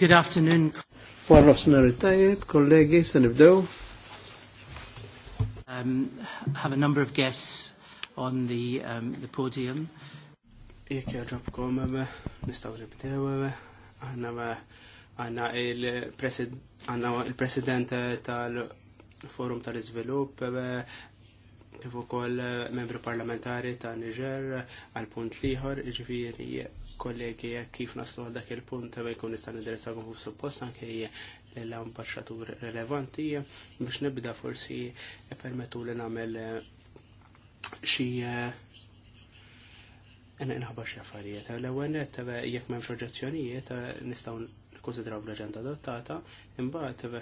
Good afternoon. Warra s-nari tajib, kollegi, s-nibdew. Um, have a number of guests on the, um, the podium. Jek jaġobkom, nistaw nibdew, għanna għanna il-president tal-forum tal-izvilup, kifu kol membru parlamentari tal Niger għal punt liħor, ġifiri kollegi kif naslu għal dak il-punt ma jkun nista' nindirizza kif suppost anke l-ambasċatur relevanti biex nibda forsi permettu li nagħmel eh, xi eh, Nħabba xi affarijiet. L-ewwel qed eh, jekk m'hemmx oġġezzjonijiet nistgħu nikkonsidraw l-aġenda adottata, imbagħad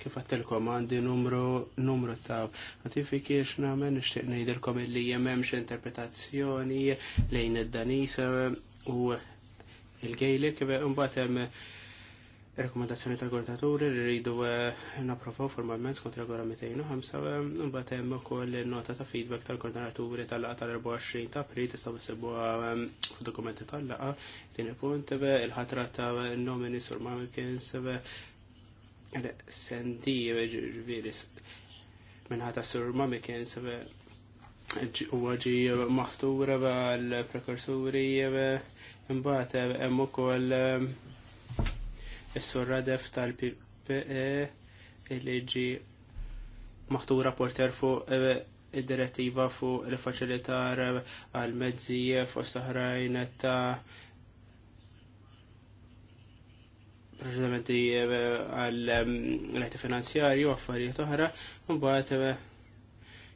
kif għattilkom għandi numru, numru ta' notifiki xnamen nishtiq nejdilkom illi jemmemx interpretazzjoni lejn id danisa eh, u il-gejlik eh, mbagħad hemm rekomendazzjoni ta' gordaturi li rridu eh, naprofaw formalment skont regola 205 mbagħad hemm ukoll nota ta' feedback tal gordaturi tal-laqa tal-24 ta' April tistgħu isibuha dokumenti tal-laqa. Tieni punt il-ħatra ta' nomini sur Mamikins Sendi ġviri minnħata surma mi kien sebe uħġi maħtura ba l prekursuri imbaħt emmu kol ehm, s surra def tal-PPE il ġi maħtura porter fuq e, id-direttiva fu il facilitar e, għal-mezzi e, fost oħrajn ta' proċedimenti eh, għal mm, l-ħti finanzjarju, affarijiet oħra, mbagħad eh,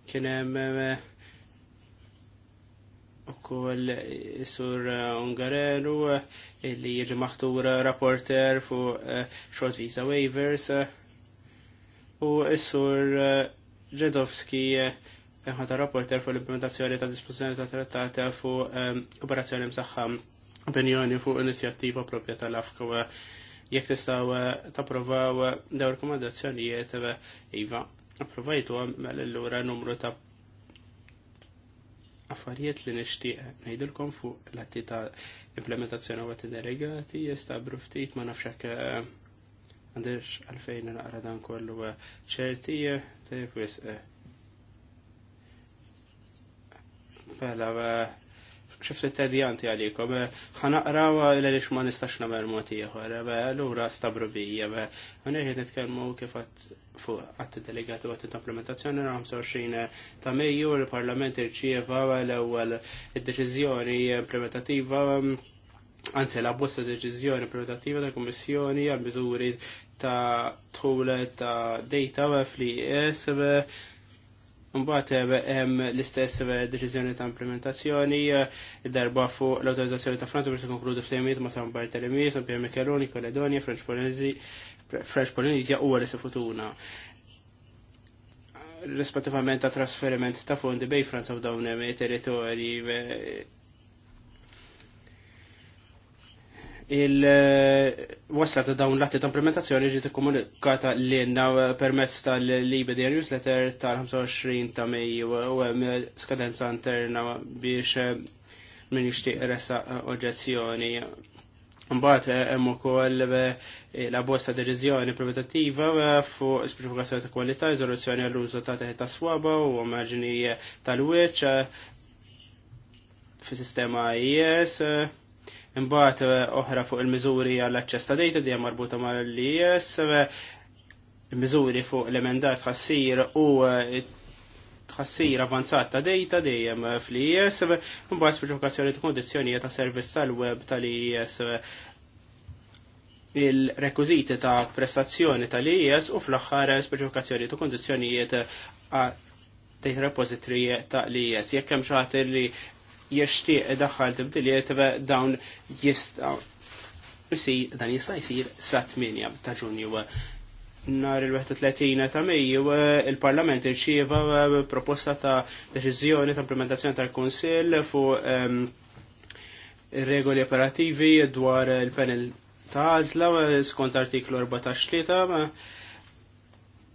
kien hemm eh, ukoll is-sur Ungarenu li jieġi maħtura rapporter fuq short visa waivers u sur Ġedowski Eħna rapporter fuq l-implementazzjoni ta' disposizjoni ta' trattata fuq operazzjoni msaħħa opinjoni fuq inizjattiva propja tal-Afkawa jekk tistgħu eh, tapprovaw eh, daw rekomendazzjonijiet eh, iva approvajtu l mela allura numru ta' affarijiet li nixtieq nejdilkom fuq l-atti ta' implementazzjoni u għatti delegati jesta' ftit ma nafx hekk għandix għalfejn naqra dan kollu ċertija, ta' jekwis. Pala, mela, xifti t-tedjanti għalikom, eh, ħanaqra għal li ma nistax namer moti jħor, eh, l-ura stabru bija, għanirħi nitkelmu kifat fuq għatti delegati għatti implementazzjoni 25 eh, ta' meju il-Parlament irċieva l-ewwel id deċizjoni implementativa Anzi, la bosta deċizjoni privativa ta' Kommissjoni għal miżuri ta' tħulet ta' data fl-IS e Mbagħad hemm eh, l-istess eh, deċiżjoni ta' implementazzjoni eh, darba fuq l-autorizzazzjoni ta' Franza biex tikkonkludu ftehimiet ma' San Bartolomeo, San Pier Micheloni, Koledonia, French Polinesi, French Polinesia u Wallis Futuna. Rispettivament ta' trasferiment ta' fondi bej Franza u dawn territorji il-wasla eh, ta' dawn l-atti ta' implementazzjoni ġiet komunikata l-inna eh, permezz tal di newsletter tal-25 ta' Mejju eh, u għem skadenza interna biex min jixtieq resa oġġezzjoni. Mbagħad hemm ukoll la bosta deċiżjoni privatattiva fuq speċifikazzjoni ta' kwalità, iżoluzzjoni għall-użu ta' teħet ta' swaba u immaġini tal-wiċċ fi sistema IS e Imbagħad eh, oħra fuq il-miżuri għall-aċċess ta' data dejjem marbuta mal-IS, eh, miżuri fuq l-emendat ħassir u eh, tħassir avanzat ta' data dejjem fl-IS, mbagħad speċifikazzjoni ta' kondizzjonijiet ta' servizz tal-web tal-IS il-rekwiziti ta' prestazzjoni tal-IS u fl-aħħar speċifikazzjoni ta' kondizzjonijiet data repository ta' li jes. jekk hemm xi li jishtiq daħħal tibdiliet dawn jistaw jisir, dan jista' jsir sa 8 ta' ġunju. Nar il-31 ta' Mejju il-Parlament irċieva eh, proposta ta' deċiżjoni ta' implementazzjoni tal-Kunsill fuq ehm, regoli operativi dwar il-panel ta' għażla eh, skont artiklu 14 eh,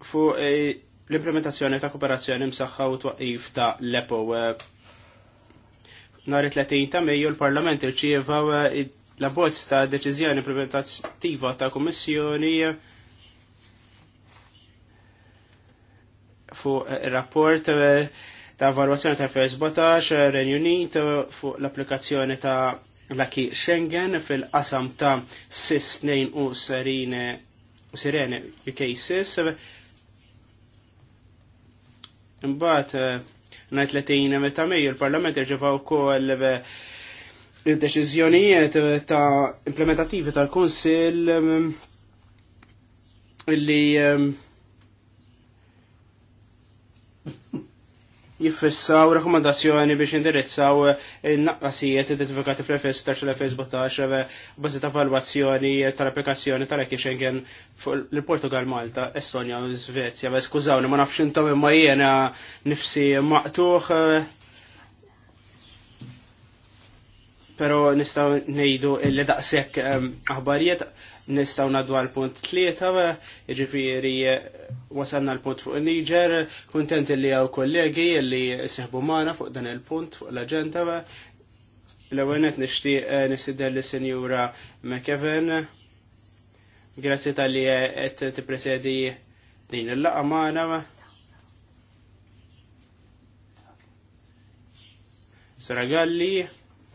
fu l-implementazzjoni ta' kooperazzjoni msaħħa u twaqif ta' l-EPO Nhar 30 ta' Mejju l-Parlament irċieva eh, l bozz ta' deċiżjoni implementattiva ta' Kummissjoni fuq eh, ir-rapport eh, ta' evalwazzjoni ta' 2017 Renju Unit fuq l-applikazzjoni ta' l-aki Schengen fil-qasam ta' SIS-2 u Serine u Sirene UK SIS. Imbagħad nhar 30 meta Mejju il-Parlament irġiva' wkoll id-deċiżjonijiet ta' implementativi tal-Kunsill mm, illi mm, jiffissaw rekomendazzjoni biex indirizzaw eh, naqqasijiet identifikati fl-2016 l-2017 bazzi ta' valwazzjoni tal-applikazzjoni tal-ekki Schengen l-Portugal, Malta, Estonja u Svezja. Beh, skużawni, ma nafx intom imma jena nifsi maqtuħ. Eh, Pero nistaw nejdu il-daqsek eh, aħbarijiet nistaw naddu għal punt tlieta, ġifiri eh, wasanna l-punt fuq Niger, kontent li għaw kollegi li seħbu maħna fuq dan il-punt fuq l-agenda. L-għenet nishti eh, nisidder li senjura McKevin, grazzi tal-li għet eh, t-presedi din il-laqa maħna. Saragalli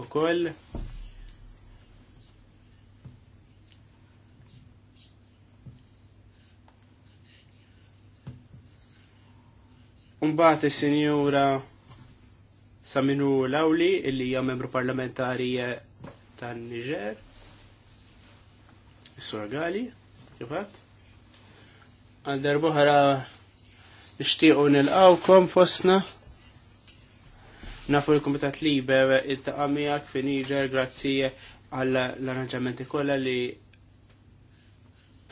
u koll. Umbat il senjura Saminu Lawli, illi hija membru parlamentari tan niger Is-Sura Gali, kifat? Għal darbohra nishtiqu nil kom fosna. Nafu l-Komitat tlibe il-taqamijak fi Niger, grazzi għall arranġamenti kolla li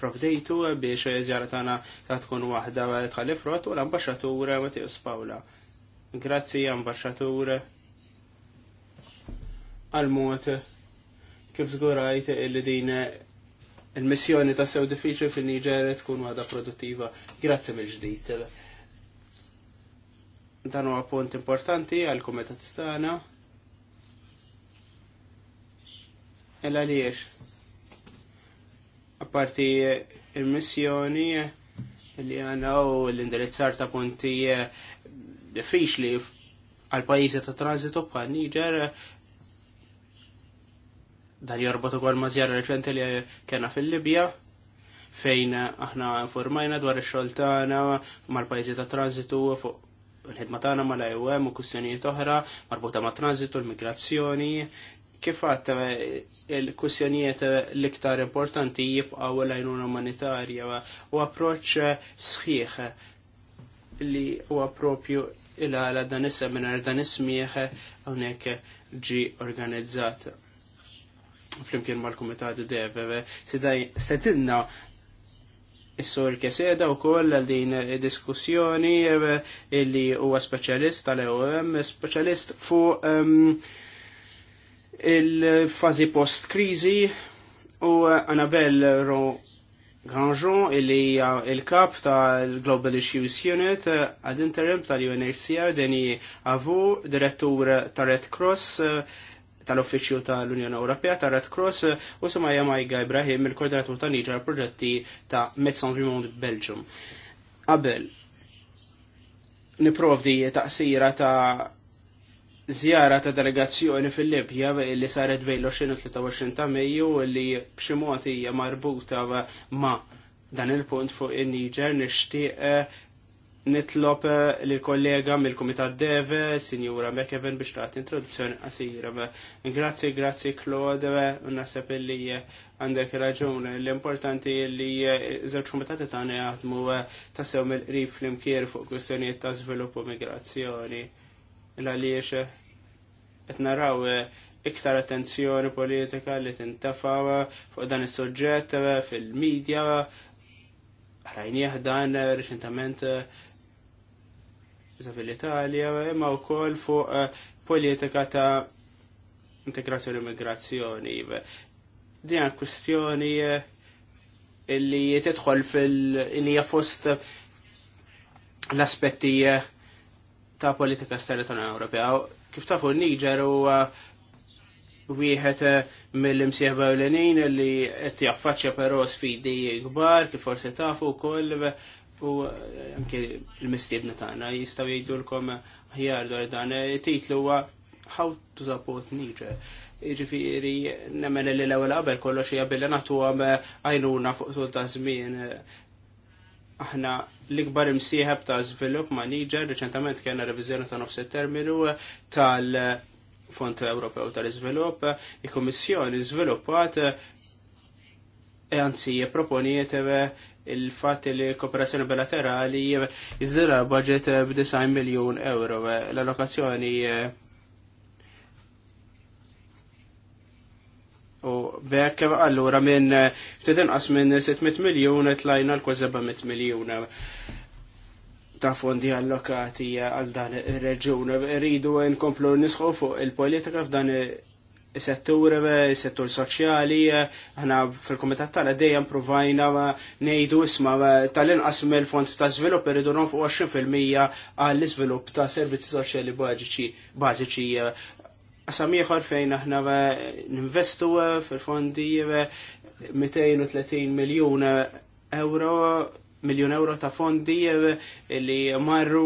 provdejtu biex ġara tagħna ta' tkun waħda tħallif rot u l ma' Mattius Pawla. Grazzi ambasċatur għal-mod kif żgurajt li din il-missjoni ta' sew diffiċli fin-Niġer tkun waħda produttiva. Grazzi mill-ġdid. Dan huwa punt importanti għal-kumitat tagħna. Ella għaliex apparti il-missjoni li għana u l-indirizzar ta' punti eh, diffiċli għal pajjiżi ta' tranzitu bħal Niger eh, dan jorbotu ukoll mażjar reċenti li kena fil-Libja fejn aħna informajna dwar ix-xogħol tagħna mal-pajjiżi ta' tranzitu fuq il-ħidma tagħna mal-IOM u kwistjonijiet oħra marbuta ma' transitu, l-migrazzjoni, Kif għatta eh, il-kussjonijiet eh, l-iktar importanti jibqaw l-għajnuna umanitarja u approċ eh, sħiħ li huwa appropju il-għala dan is-seminar dan ismieħ hawnhekk ġi organizzat flimkien mal-Kumitat Deve, sedinna Is-sur keseda u koll għal din diskussjoni illi huwa speċjalist tal-EOM, speċjalist fuq ehm, il-fazi post-krizi u uh, Anabel Ro Granjon illi hija il-kap tal-Global Issues Unit uh, ad interim tal-UNHCR deni avu direttur ta' Red Cross uh, tal-Uffiċċju tal-Unjoni Ewropea ta' Red Cross u Sumaja Majga Ibrahim il-koordinatur ta' Niġar proġetti ta' Médecins du Monde Belgium. Qabel niprovdi taqsira ta' Zjara ta' delegazzjoni fil-Libja li saret bejn l-23 ta' Mejju li b'xi mod hija marbuta ma' dan il-punt fuq in-Niġer nixtieq eh, nitlob eh, lill kollega mill-Kumitat Deve, Sinjura Mekeven biex tagħti introduzzjoni qasira. Grazzi, grazzi Claude, eh, naseb li għandek raġun. L-importanti li żewġ kumitati tagħna jaħdmu tassew mill-qrib fl fuq kwistjonijiet ta' sviluppu u migrazzjoni l-għaliex qed eh, iktar attenzjoni politika li tintafaw eh, fuq dan is-suġġett eh, fil-medja rajnieh dan reċentament fil-Italja imma wkoll fuq politika ta' integrazzjoni u immigrazzjoni. Din kwestjoni illi tidħol fil-li fost l-aspetti ta' politika esterna tal-Ewropea Kif tafu Niger niġer u wieħed eh, mill imsieħ u li qed jaffaċċja però sfidi kbar kif forsi tafu wkoll u eh, anke l mistiedna tagħna jistgħu jgħidulkom aħjar dwar dan eh, titlu huwa How to Support Niger. Jiġifieri nemmen li l-ewwel qabel kollox hija billi nagħtu għajnuna fuq tul ta' żmien aħna l-ikbar imsieħab ta' ma' Niger, reċentament kena revizjoni ta' nofs terminu tal-Fond Ewropew tal-Iżvilupp, il-Kommissjoni żviluppat eh, anzi proponiet eh, il-fat li kooperazzjoni bilaterali jizdira budget b'9 miljon euro eh, l-allokazzjoni U bekk allura minn inqas minn 600 miljun tlajna l-kważi 700 miljun ta' fondi allokati għal dan ir-reġun. Rridu nkomplu nisħu fuq il-politika f'dan is-settur, is-settur soċjali, aħna fil-Kumitat tagħna dejjem provajna ngħidu isma tal-inqas mill-fond ta' żvilupp irridu fuq 20% għall-iżvilupp ta' servizzi soċjali bażiċi Samiħor fejn aħna ninvestu eh, fil-fondi 230 eh, miljon eh, euro, miljon euro ta' fondi li marru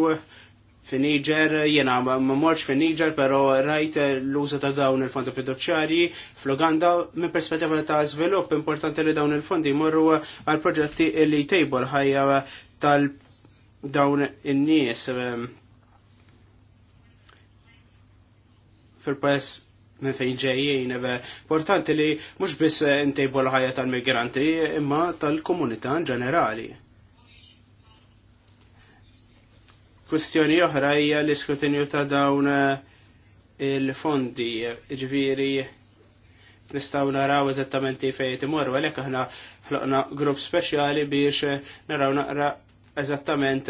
f'Niger, jena ma morċ f'Niġer, pero rajt l-użu ta' dawn il-fondi fiduċjarji fl-Uganda minn perspettiva ta' svilupp importanti li dawn il-fondi morru għal proġetti li tejbol ħajja tal dawn in-nies fil-pajis minn fejn ġejjien, importanti li mhux biss intejbu eh, l-ħajja tal-migranti imma tal-komunità in ġenerali. Kwistjoni oħra hija l-iskrutinju ta' dawn eh, il-fondi, ġviri nistaw naraw eżattamenti fejn timorru, għalhekk aħna ħloqna grupp speċjali biex eh, naraw naqra eżattament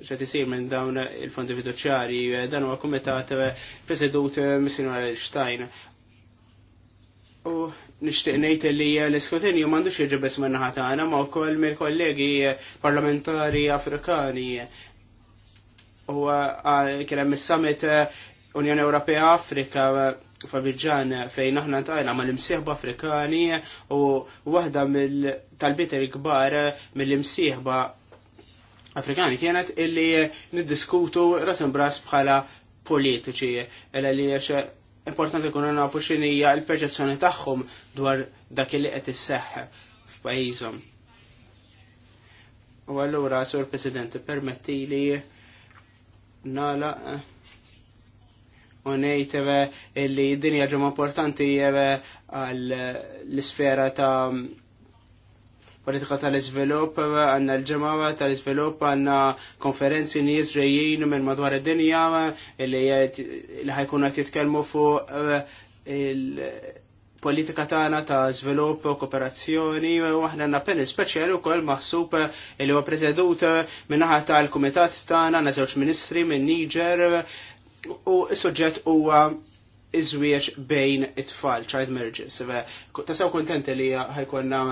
ċet eh, isir minn dawn il-fondi fiduċjari, eh, dan huwa kumitat eh, presidut mis Stein. U nixtieq ngħid li l iskutinju m'għandux biss minn ħatana ma' wkoll mill-kollegi parlamentari Afrikani. U kien hemm is-summit Unjoni Ewropea Afrika Fabiġan fejn aħna tajna ma l Afrikani u waħda mill-talbiet il-kbar mill-imsieħba Afrikani kienet illi niddiskutu rasim bras bħala politiċi, illa li importanti kunu nafu xinija il-perċezzjoni tagħhom dwar dak li qed isseħħ f'pajjiżhom. U allura, Sur President, permetti li nala u nejt illi dinja ġemma importanti għal l-sfera ta' politika tal-izvilupp, għanna l ġemawa tal-izvilupp, għanna konferenzi nies ġejjin minn madwar id-dinja li ħajkun qed jitkelmu fuq eh, il-politika tagħna ta' żvilupp u kooperazzjoni u aħna għandna panel speċjali wkoll maħsub li huwa preżedut minnaħa tal-kumitat tagħna għandna żewġ ministri minn Niger u s-suġġett huwa iżwieġ bejn it-tfal, child marriages. Tasaw sew li ħajkonna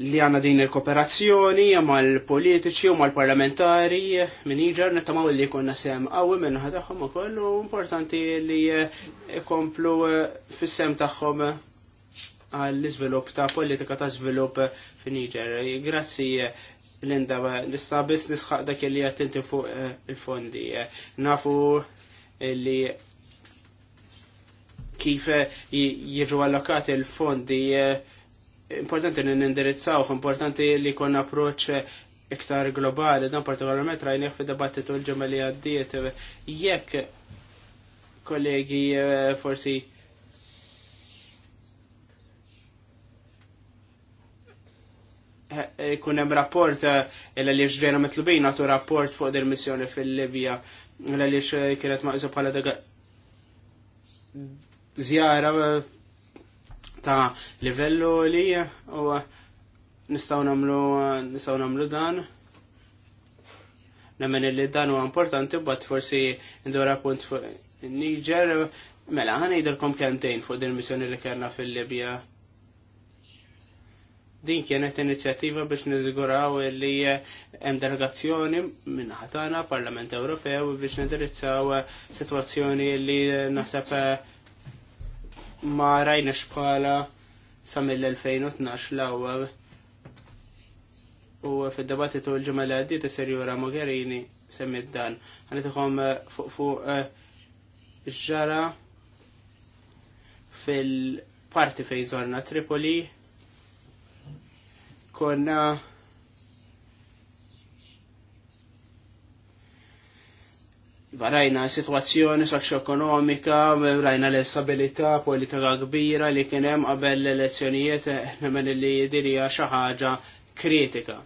li għanna din il-kooperazzjoni mal-politiċi u mal-parlamentari minn iġar nittamaw li konna sem għawi minn ħadaħom u kollu importanti li ikomplu fissem sem taħħom għall-izvilup ta' politika ta' zvilup fin iġar. Grazzi Linda, nista biss nisħaq dak li għattinti fuq eh, il-fondi. Nafu li kif eh, jirġu allokati il-fondi eh, importanti li nindirizzawh, importanti li kon approċ iktar globali, dan partikolarment rajnieħ fi dibattitu l-ġemma li għaddiet. Jekk kollegi eh, forsi eh, kun hemm rapport eh, li ġrejna mitlubin għatu rapport fuq il missjoni fil-Libja għaliex kienet maqsu bħala zjara ta' livellu li u nistaw namlu nistaw namlu dan nemmen li dan u importanti bat forsi ndora punt Niger mela ħana jidilkom kemtejn fuq din missjoni li kellna fil-Libja din kienet inizjattiva biex niżguraw li hemm delegazzjoni minn ħatana Parlament Ewropew biex nindirizzaw sitwazzjoni li naħseb ma rajnex xbħala sa mill-2012 l-awwel. U fid-debattitu l-ġimgħa li għaddiet is-Serjura Mogherini semmit dan. uħom eh, fuq fuq eh, ġara fil-parti fejżorna Tripoli konna Iva, rajna situazzjoni ekonomika rajna l-istabilità politika kbira li kien hemm qabel l-elezzjonijiet nemmen li dirija xi ħaġa kritika.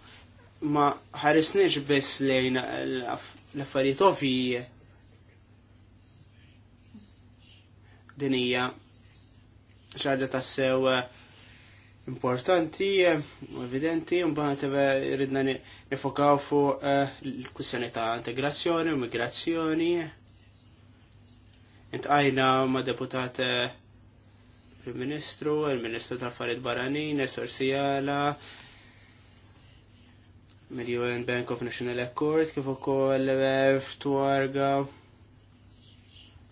Ma ħarisniex biss lejn l-affarijiet ovvji din hija xi ħaġa tassew importanti, eh, evidenti, mbagħad ridna nifokaw fuq eh, l kussjoni ta' integrazzjoni, immigrazzjoni. Intqajna ma' deputat eh, il Ministru, il-Ministru tal-Affarijiet Barranin, Esor Sijala, mill-UN Bank of National Accord, kif ukoll f'Twarga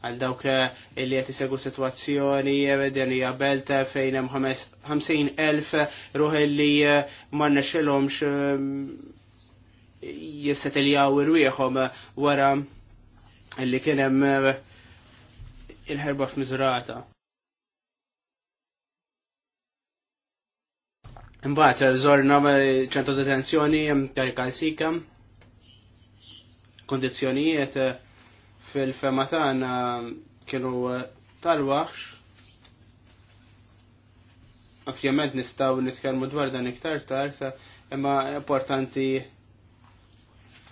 għal dawk eh, li qed isegu sitwazzjoni eh, din hija belta eh, fejn hemm 50,000 ruħ li ma nexxilhomx jissetiljaw irwieħhom wara li kien hemm il-ħerba f'miżurata. Imbagħad żorna ċentru detenzjoni sikam, sika kondizzjonijiet fil-fema tagħna kienu eh, tal-waħx. Ovvjament nistgħu nitkellmu dwar dan iktar tard, imma importanti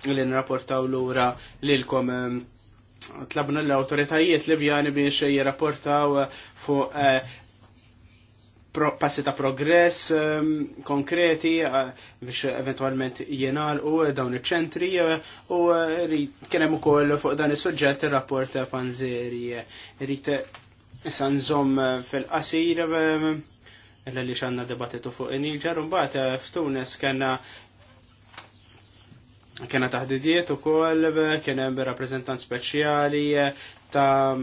li nrapportaw lura lilkom eh, tlabna l-autoritajiet Libjani biex jirrapportaw fuq eh, passi ta' progress ehm, konkreti eh, biex eventualment jenal u eh, dawn iċ-ċentri eh, u kienem ukoll fuq dan is-suġġett ir-rapport Panzeri. Rrit issa fil-qasir l-li xanna debattitu fuq il niġer u mbagħad f'Tunis kellna kena taħdidiet u koll, kena rappresentant speċjali ta'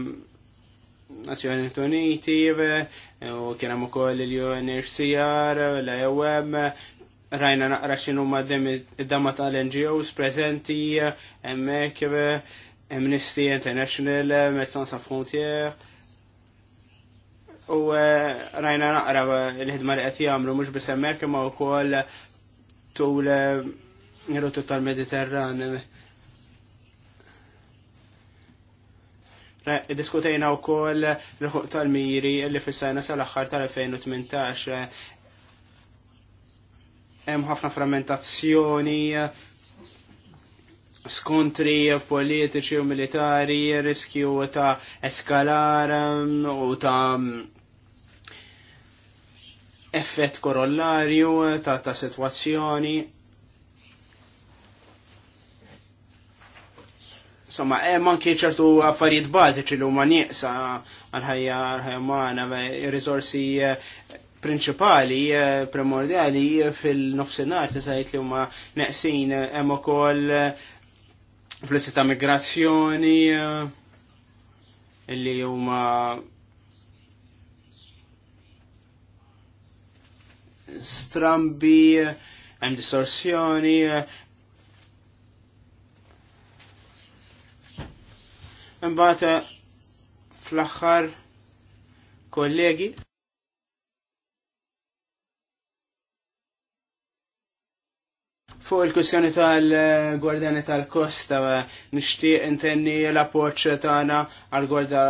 Nazjoni Uniti u kien hemm ukoll il-UNHCR, l-IOM, rajna naqra x'inhu id damma tal-NGOs preżenti hemmhekk Amnesty International, Médecins Sans Frontières. U eh, rajna naqra l-ħidma li qed jagħmlu mhux biss hemmhekk imma wkoll tul eh, rotu tal-Mediterran Eh, diskutejna wkoll l-ħuq tal-miri li fis sal-aħħar tal-2018 hemm ħafna frammentazzjoni skontri politiċi u militari, riskju ta' eskalar mm, u ta' mm, effett korollarju ta' ta' situazzjoni Insomma, hemm eh, anke ċertu affarijiet bażiċi li huma nieqsa għal-ħajja ħajmana ir-riżorsi eh, prinċipali eh, primordjali fil-nofsinhar tisajt li huma neqsin hemm ukoll flissi ta' migrazzjoni illi huma strambi hemm distorsjoni Imbagħad eh, fl-aħħar kollegi. Fuq il-kussjoni tal-Gwardjani tal-Kosta, eh, nixtieq intenni l-appoċ tagħna għal-Gwarda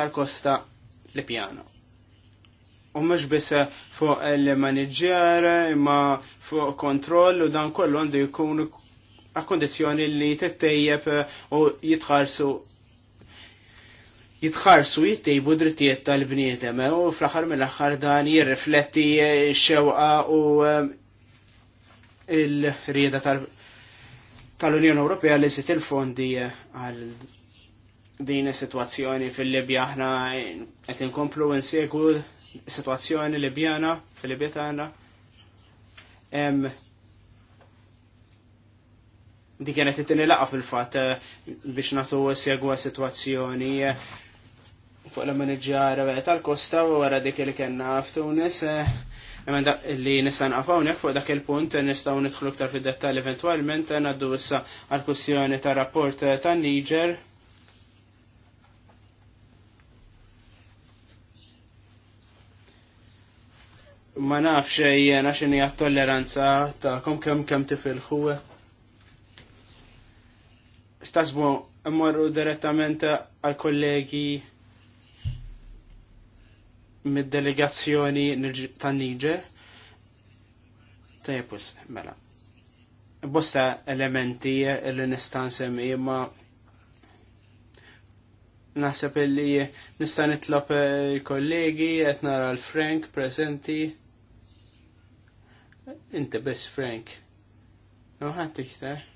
tal-Kosta li pjano. U mhux biss fuq il-manager, imma fuq kontroll u dan kollu għandu jkunu għakondizjoni li tittejjeb eh, u jitħarsu jitħarsu jittejbu drittijiet tal-bniedem eh, u fl-axar mill-axar dan jirrifletti eh, xewqa u il-rieda tal-Unjoni Ewropea li sit il-fondi għal din is-sitwazzjoni fil-Libja aħna qed inkomplu insegwu situazzjoni Libjana fil-Libja tagħna Di kienet it-tini laqa fil-fat eh, biex natu segwa situazzjoni eh, fuq la manager eh, tal-kosta u wara dik li kena f'Tunis. Li nistan għafawnek fuq dak il-punt nistaw nidħlu ktar fil dettall eventualment naddu issa għal-kussjoni ta' rapport ta' Niger. ma nafx jena xini għat-tolleranza ta' kom kem kem tifilħu stasbu mmorru direttament għal kollegi mid-delegazzjoni tan Niger. Tajepus, mela. Bosta elementi li nistan semmi imma naħseb li nista' nitlob eh, kollegi qed nara l-Frank presenti. Inti biss Frank. No ħadd iktar.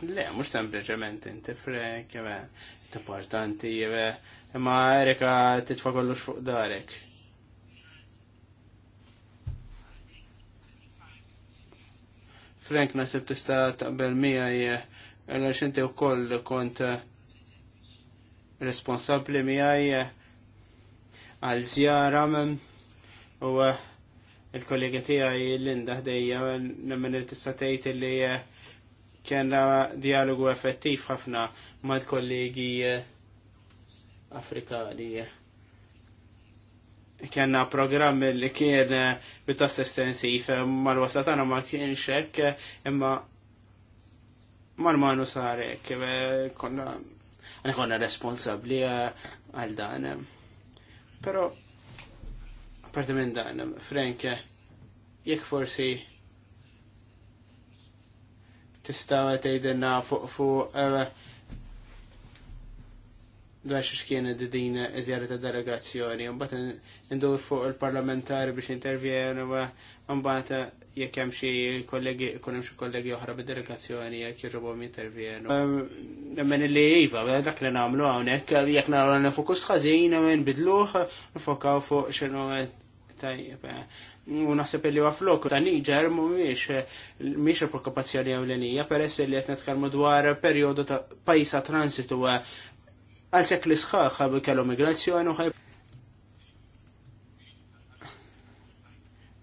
Le, mux sempliciment inti frek, jeve, importanti, jeve, ma Erika titfa kollux fuq darek. Frank nasib tista taqbel mija għalla xinti u koll kont responsabli mija għal zjara u il kollegi tijaj Linda ħdejja nemmen il-tista tejt li Kenna dialogu effettiv ħafna mad kollegi eh, Afrikani. Kenna programm li kien bitas eh, estensiv eh, mal wasatana ma kienx hekk imma mal-manu sarek konna għana konna responsabli għal dan. Pero, parti minn dan, Frank, jek forsi tista' tgħidilna fuq fuq eh, dwar xiex kienet din iżjara ta' delegazzjoni, mbagħad indur fuq il-parlamentari biex intervjenu eh, mbagħad eh, jekk hemm xi kollegi jkun hemm xi kollegi oħra bid-delegazzjoni jekk jirrobhom jintervjenu. Nemmen li iva, dak li nagħmlu hawnhekk jekk nagħmlu nifokus ħażin nbidluh nifokaw fuq x'inhu tajjeb u naħseb li huwa flok ta' Niger mhumiex mhix il-preokkupazzjoni ewlenija peress li qed nitkellmu dwar perjodu ta' pajsa transitu eh, għal sekli sħaħ eh, kellu migrazzjoni u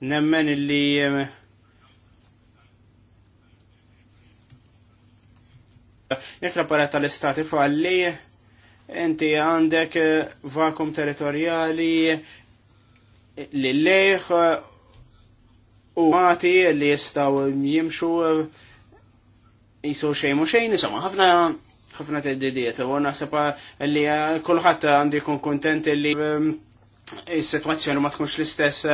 nemmen li eh, jekk l-apparat tal-istati falli inti għandek vakum territorjali li leħ u mati li jistaw jimxu eh, jisu xejn u xejn, insomma, ħafna ħafna teddidiet, u naħseba li eh, kullħat għandi kun kontent li eh, il-situazzjoni ma tkunx l-istess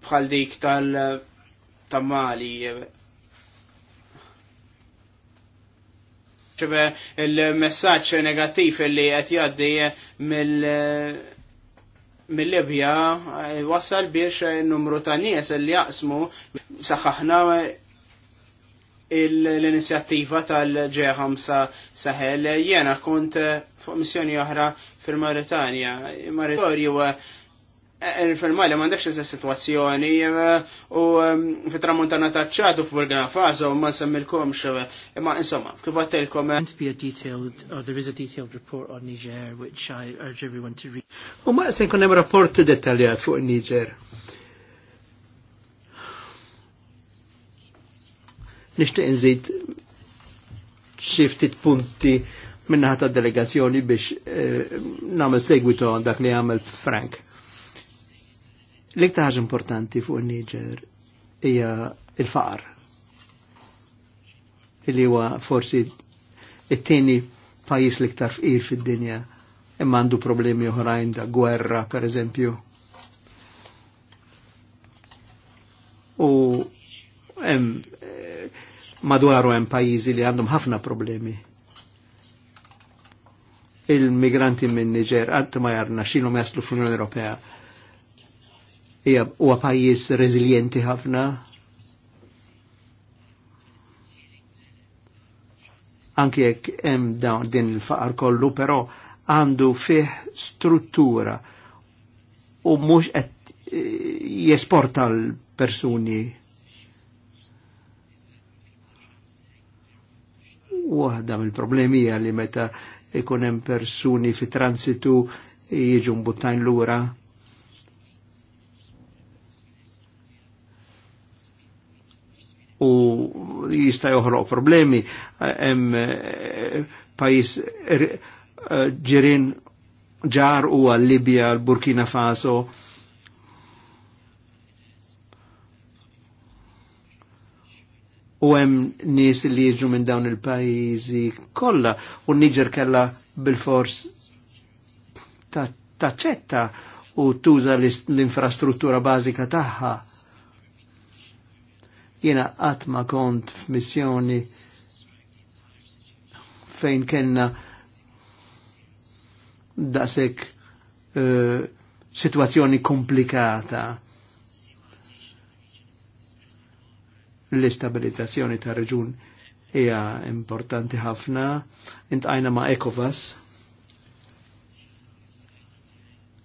bħal dik tal-tamali. ċebe il-messagġ negattiv li qed jgħaddi mill- mill-Libja eh, wasal biex eh, numru ta' nies li jaqsmu saħħaħna eh, l-inizjattiva tal-G5 Sahel. Jena kont fuq missjoni oħra fil-Maritania. Maritorju Eh, Nifirmaj li mandekx se situazzjoni eh, u ehm, fit-tramuntana ta' ċadu f'Burkina u ma nsemmilkom nsemmilkomx eh, ma insomma kif għattilkom. U ma nsemmilkom nem rapport dettaljat fuq Niger. Nishtiq nżid xiftit punti minnaħta delegazzjoni biex namel segwito għandak li għamel Frank L-iktar ħaġa importanti fuq il-Niger hija il-faqar. Illi huwa forsi it-tieni pajjiż l-iktar fqir fid-dinja imma għandu problemi oħrajn da gwerra, per eżempju. U em, eh, madwaru hemm pajjiżi li għandhom ħafna problemi. Il-migranti minn Niger għadd ma jarna xinhom jaslu fl-Unjoni Ewropea huwa pajjiż reżiljenti ħafna. Anki jekk hemm dawn din il-faqar kollu, però għandu fih struttura u mhux qed eh, jesporta l-persuni waħda mill-problemija li meta ikun hemm persuni fi transitu jiġu mbuttajn lura u jista' joħroq problemi hemm eh, pajjiż er, eh, ġirin ġar u għal-Libja, l-Burkina Faso. U hemm nis li jiġu minn dawn il pajizi kollha u Niġer kella bil-fors taċċetta ta u tuża l-infrastruttura bażika tagħha Jena għatma kont f'missjoni fejn kena daqsek uh, eh, situazzjoni komplikata l-istabilizzazzjoni ta' reġun hija importanti ħafna. intajna ma' Ekovas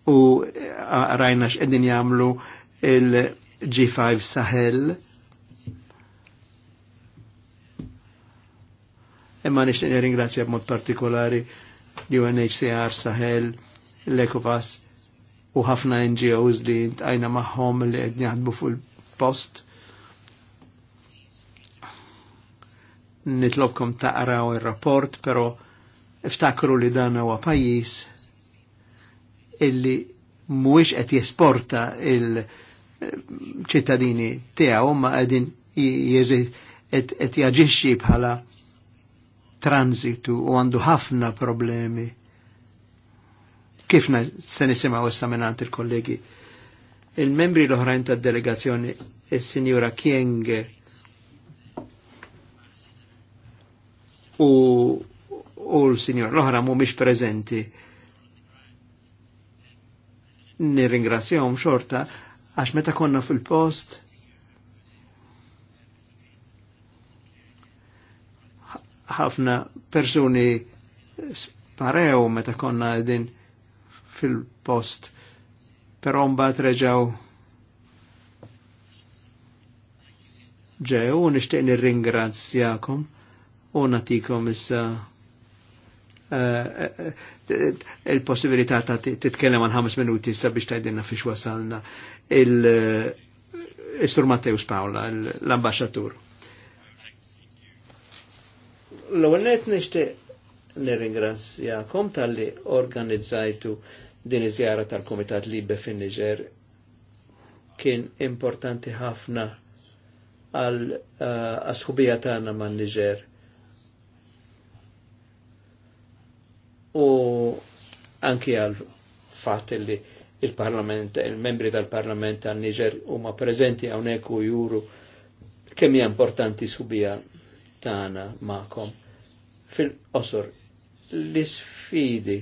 u rajna x'qegħdin jagħmlu il-G5 Sahel imma nishtiq nirringrazzja b'mod partikolari UNHCR, Sahel, l-Ekovas u ħafna NGOs li ntajna magħhom li qed jaħdmu fuq il-post. Nitlobkom taqraw ir-rapport, però iftakru li dan huwa pajjiż illi mhuwiex qed jesporta il-ċittadini tiegħu ma qegħdin qed jaġixxi bħala transitu u għandu ħafna problemi. Kif se nisimaw issa minnant il-kollegi? Il-membri l-oħrajn tad delegazzjoni, il-Sinjura Kienge u, u l-Sinjura l-oħra miex prezenti. Nirringrazzjahom xorta għax meta konna fil-post ħafna persuni sparew meta konna din fil-post, Per omba treġaw ġew u nixtieq nirringrazzjakom u natikom issa eh, eh, il-possibilità ta' titkellem għal ħames minuti issa biex tajdinna fiex wasalna eh, il-Sur Matteus Paola, l-ambasċatur. L-ewwel net nixtieq nirringrazzjakom tal-li organizzajtu din iżjara tal-Kumitat Libe fin-Niġer kien importanti ħafna għal eh, asħubija tagħna man-Niġer. U anki għal fatt li il-parlament, il-membri tal-parlament għal Niger huma preżenti hawnhekk u juru kemm hija importanti subija tagħna magħkom. Fil-qosor, li sfidi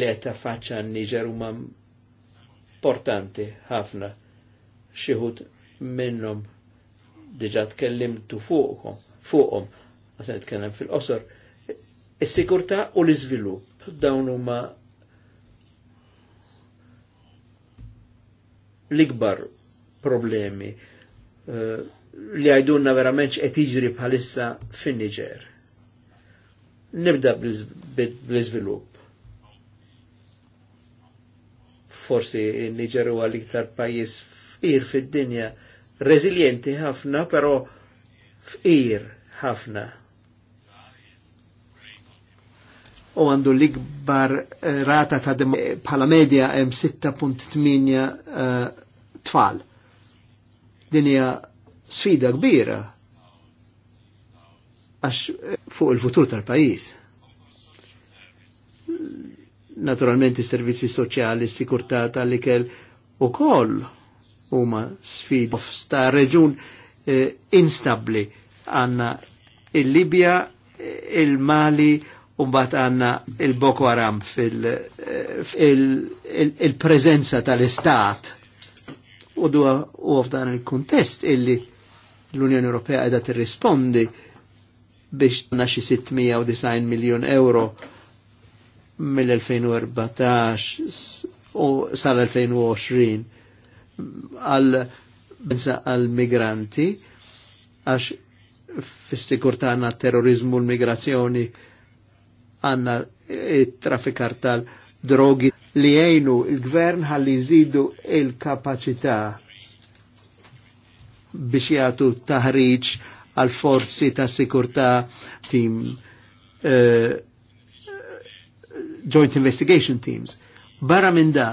li qed faċċa n-Niġer huma importanti ħafna xi minnhom diġà tkellimtu fuqhom fuqhom għasen nitkellem fil-qosor is-sikurtà u l-iżvilupp dawn huma l-ikbar problemi uh, li għajdunna verament qed jiġri bħalissa fin-Niġer. Nibda bl-iżvilupp. Forsi n-Niġer huwa l-iktar pajjiż fqir fid-dinja, reżiljenti ħafna, però fqir ħafna. U għandu l-ikbar eh, rata ta' eh, bħala medja hemm 6.8 eh, tfal. Dinja sfida kbira għax eh, fuq il-futur tal-pajis. Naturalment is-servizzi soċjali, s tal-ikel u koll huma sfida sta reġun eh, instabli għanna il-Libja, eh, il-Mali, u bat għanna il-Boko Haram fil-prezenza eh, tal-Istat u għafdan il-kontest illi l-Unjoni Ewropea qiegħda tirrispondi biex tna xi 690 miljun euro mill-2014 u sal-2020 għal għal migranti għax fis-sigurtà terrorizmu l-migrazzjoni għandna traffikar tal-drogi li jgħinu il-gvern ħalli jżidu il-kapacità biex jgħatu taħriġ għal forzi ta' sikurta tim uh, eh, joint investigation teams. Barra minn da,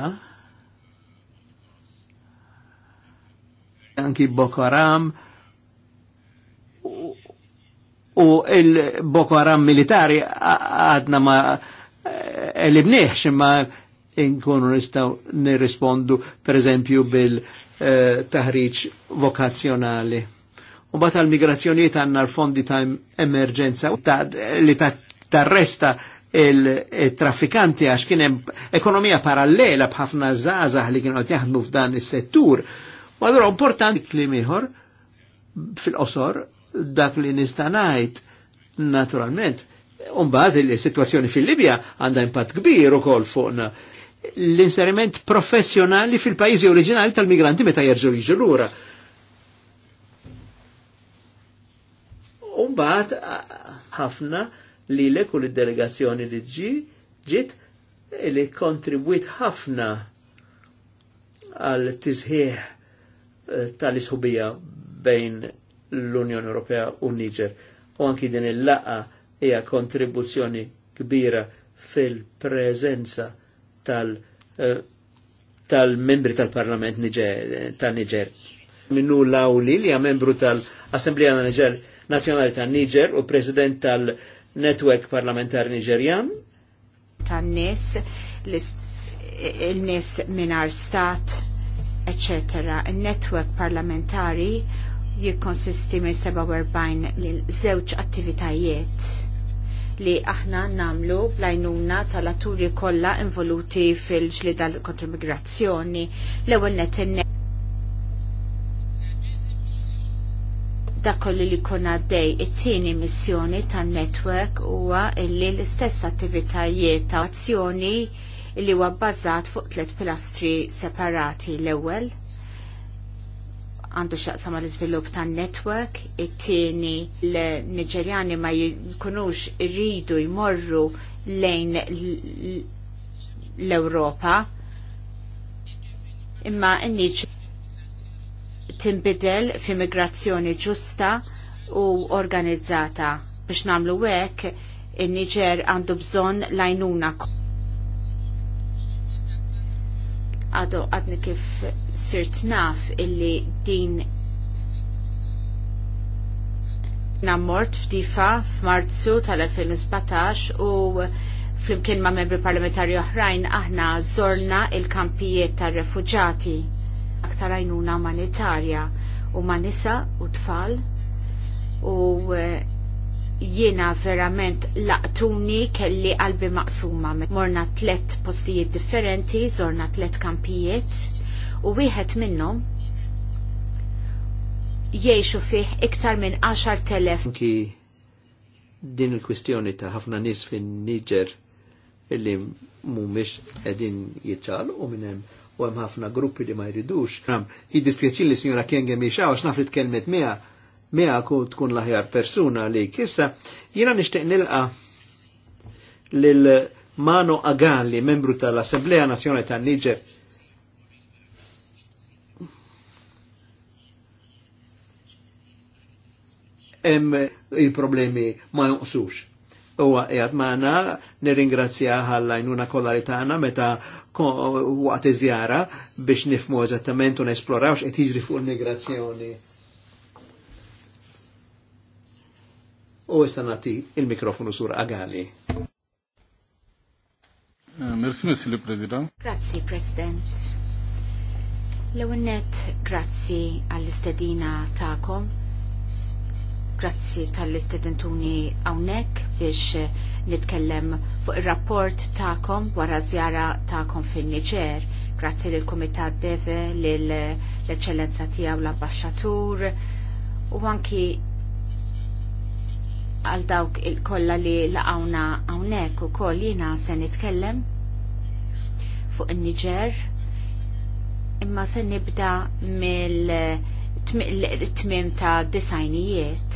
anki Boko Haram, u il-Boko Haram militari għadna ma eh, elibniex ma inkunu nistaw nirrispondu per eżempju bil- Eh, taħriġ vokazzjonali. U bat għal-migrazzjoniet għanna l-fondi ta' emerġenza li ta' tarresta il-traffikanti għax kienem ekonomija parallela bħafna zazah li kienu għatjaħdmu f'dan is-settur. U għallura importanti li miħor fil-qosor dak li nistanajt naturalment. Un Umbaħt il-situazzjoni fil-Libja għanda impatt kbir u kol fuqna l-inseriment professjonali fil-pajizi oriġinali tal-migranti meta jerġu jiġu l-ura. Umbat, ħafna li l u l-delegazzjoni li ġi ġit e li kontribuit ħafna għal tizħieħ e, tal-isħubija bejn l-Unjoni Ewropea u Niger. U anki din il-laqa hija kontribuzzjoni kbira fil-preżenza Eh, tal-membri tal-Parlament tal-Niġer. Eh, Minnu Lawli li membru tal-Assemblea Niġer Nazjonali tal-Niġer u President tal-Network Parlamentar Niġerjan. Tan-nies, il-nies minar stat, etc. Il-network parlamentari jikkonsisti minn 47 l-żewġ attivitajiet li aħna namlu blajnuna tal-atturi kollha involuti fil-ġlida kontra migrazzjoni. L-ewwel net dak li kuna għaddej it-tieni missjoni tan-netwerk huwa illi l-istess attivitajiet ta' azzjoni li huwa bbażat fuq tliet pilastri separati l-ewwel għandu xaqsa ma l-izvilup ta' network, it-tieni l-Niġerjani ma jkunux irridu jmorru lejn l-Europa, imma n-niġ timbidel fi migrazzjoni ġusta u organizzata biex namlu wek in-Niġer għandu bżon lajnuna. għadu għadni kif sirt naf illi din namort f'difa f'Marzu tal-2017 u flimkien ma' membri parlamentari oħrajn aħna zorna il-kampijiet tar refuġati aktar għajnuna umanitarja u ma' nisa u tfal u eh, jiena verament laqtuni kelli qalbi maqsuma. Morna tlet postijiet differenti, zorna tlet kampijiet u wieħed minnhom jiexu fih iktar minn 10.000. Anki din il-kwistjoni ta' ħafna nis fin niger illi mumiex edin jitċalu u minnem u hemm ħafna gruppi li ma jridux. jiddispjaċili li signora Kenge miexaw għax li kelmet miegħha miegħek u tkun l-aħjar persuna li kissa jiena nixtieq nilqa lil Mano Agalli, membru tal-Assemblea Nazzjonali tan-Niġer. Hemm il-problemi ma jonqsux. U għajat maħna nirringrazzja għall kollari taħna meta waqt iżjara biex nifmu eżattament u nesplorawx qed jiġri fuq il-migrazzjoni. U issa nagħti il-mikrofonu sur Agali. Eh, merci, Monsieur le President. Grazie, President. L-ewnet, grazzi għall-istedina ta'kom. Grazzi tal-istedentuni għawnek biex nitkellem fuq il-rapport ta'kom wara zjara ta'kom fil-Niġer. Grazzi l-Komitat Deve, l-Eccellenza tijaw l-Ambasċatur u anki għal dawk il-kolla li laqawna għawnek u koll jina se nitkellem fuq il-Niġer imma se nibda mill-tmim ta' disajnijiet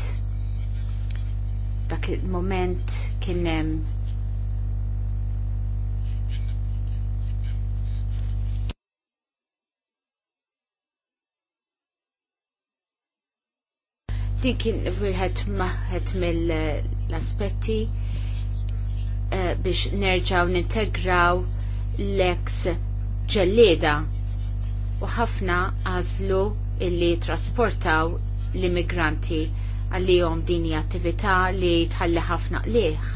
dak il-moment kienem Din kien wieħed maħet mill-aspetti eh, biex nerġaw nintegraw l-eks ġellieda u ħafna għażlu illi trasportaw l-immigranti għalihom dini attività li tħalli ħafna qlieħ.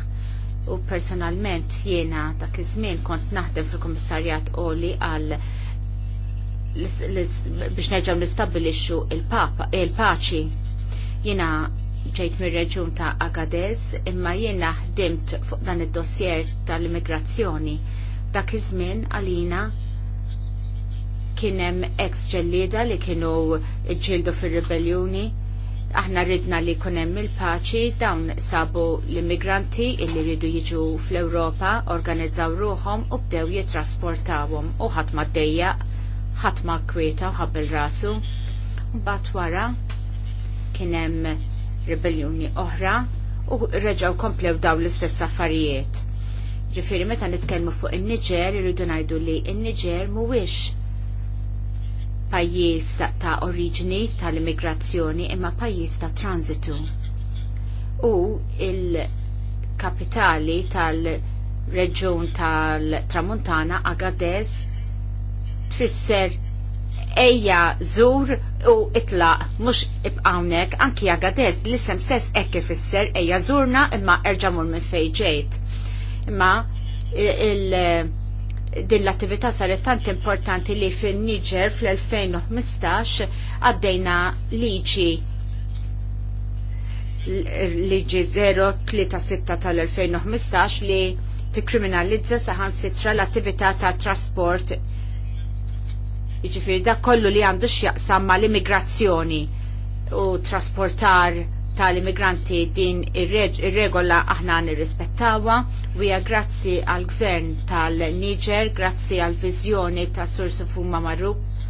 U personalment jiena dak iż-żmien kont naħdem fil-Kummissarjat qoli għal biex nerġgħu nistabbilixxu il-paċi. il il paċi jina ġejt mir reġjun ta' Agadez imma jiena ħdimt fuq dan id-dossier tal-immigrazzjoni. Dak iż-żmien għalina kien hemm ex ġellieda li kienu ġildu fir-ribelljuni aħna ridna li jkun hemm il-paċi dawn sabu l-immigranti illi ridu jiġu fl ewropa organizzaw ruhom u bdew jitrasportawhom u ħadd ma ddejjaq ħadd ma kwieta u ħabel rasu. Mbagħad wara kien hemm ribelljuni oħra u reġgħu komplew daw l-istess affarijiet. Ġifieri meta nitkellmu fuq in-Niġer irridu ngħidu li n-Niġer mhuwiex pajjiż ta' oriġini tal-immigrazzjoni imma pajjiż ta' transitu. U il-kapitali tal-reġjun tal-Tramuntana Agadez tfisser ejja zur u itlaq mux ibqawnek anki għagadez li sem sess ekki fisser ejja zurna imma erġamur minn fejġejt. Imma il din l-attività saret tant importanti li fin niger fl-2015 għaddejna liġi liġi 036 tal-2015 li tikriminalizza saħan sitra l-attività ta' trasport Jiġifieri dak kollu li għandu x'jaqsam mal-immigrazzjoni u trasportar tal-immigranti din ir-regola aħna nirrispettawha Wija grazzi għall gvern tal-Niger, grazzi għall viżjoni ta' Sur Sufuma Marruk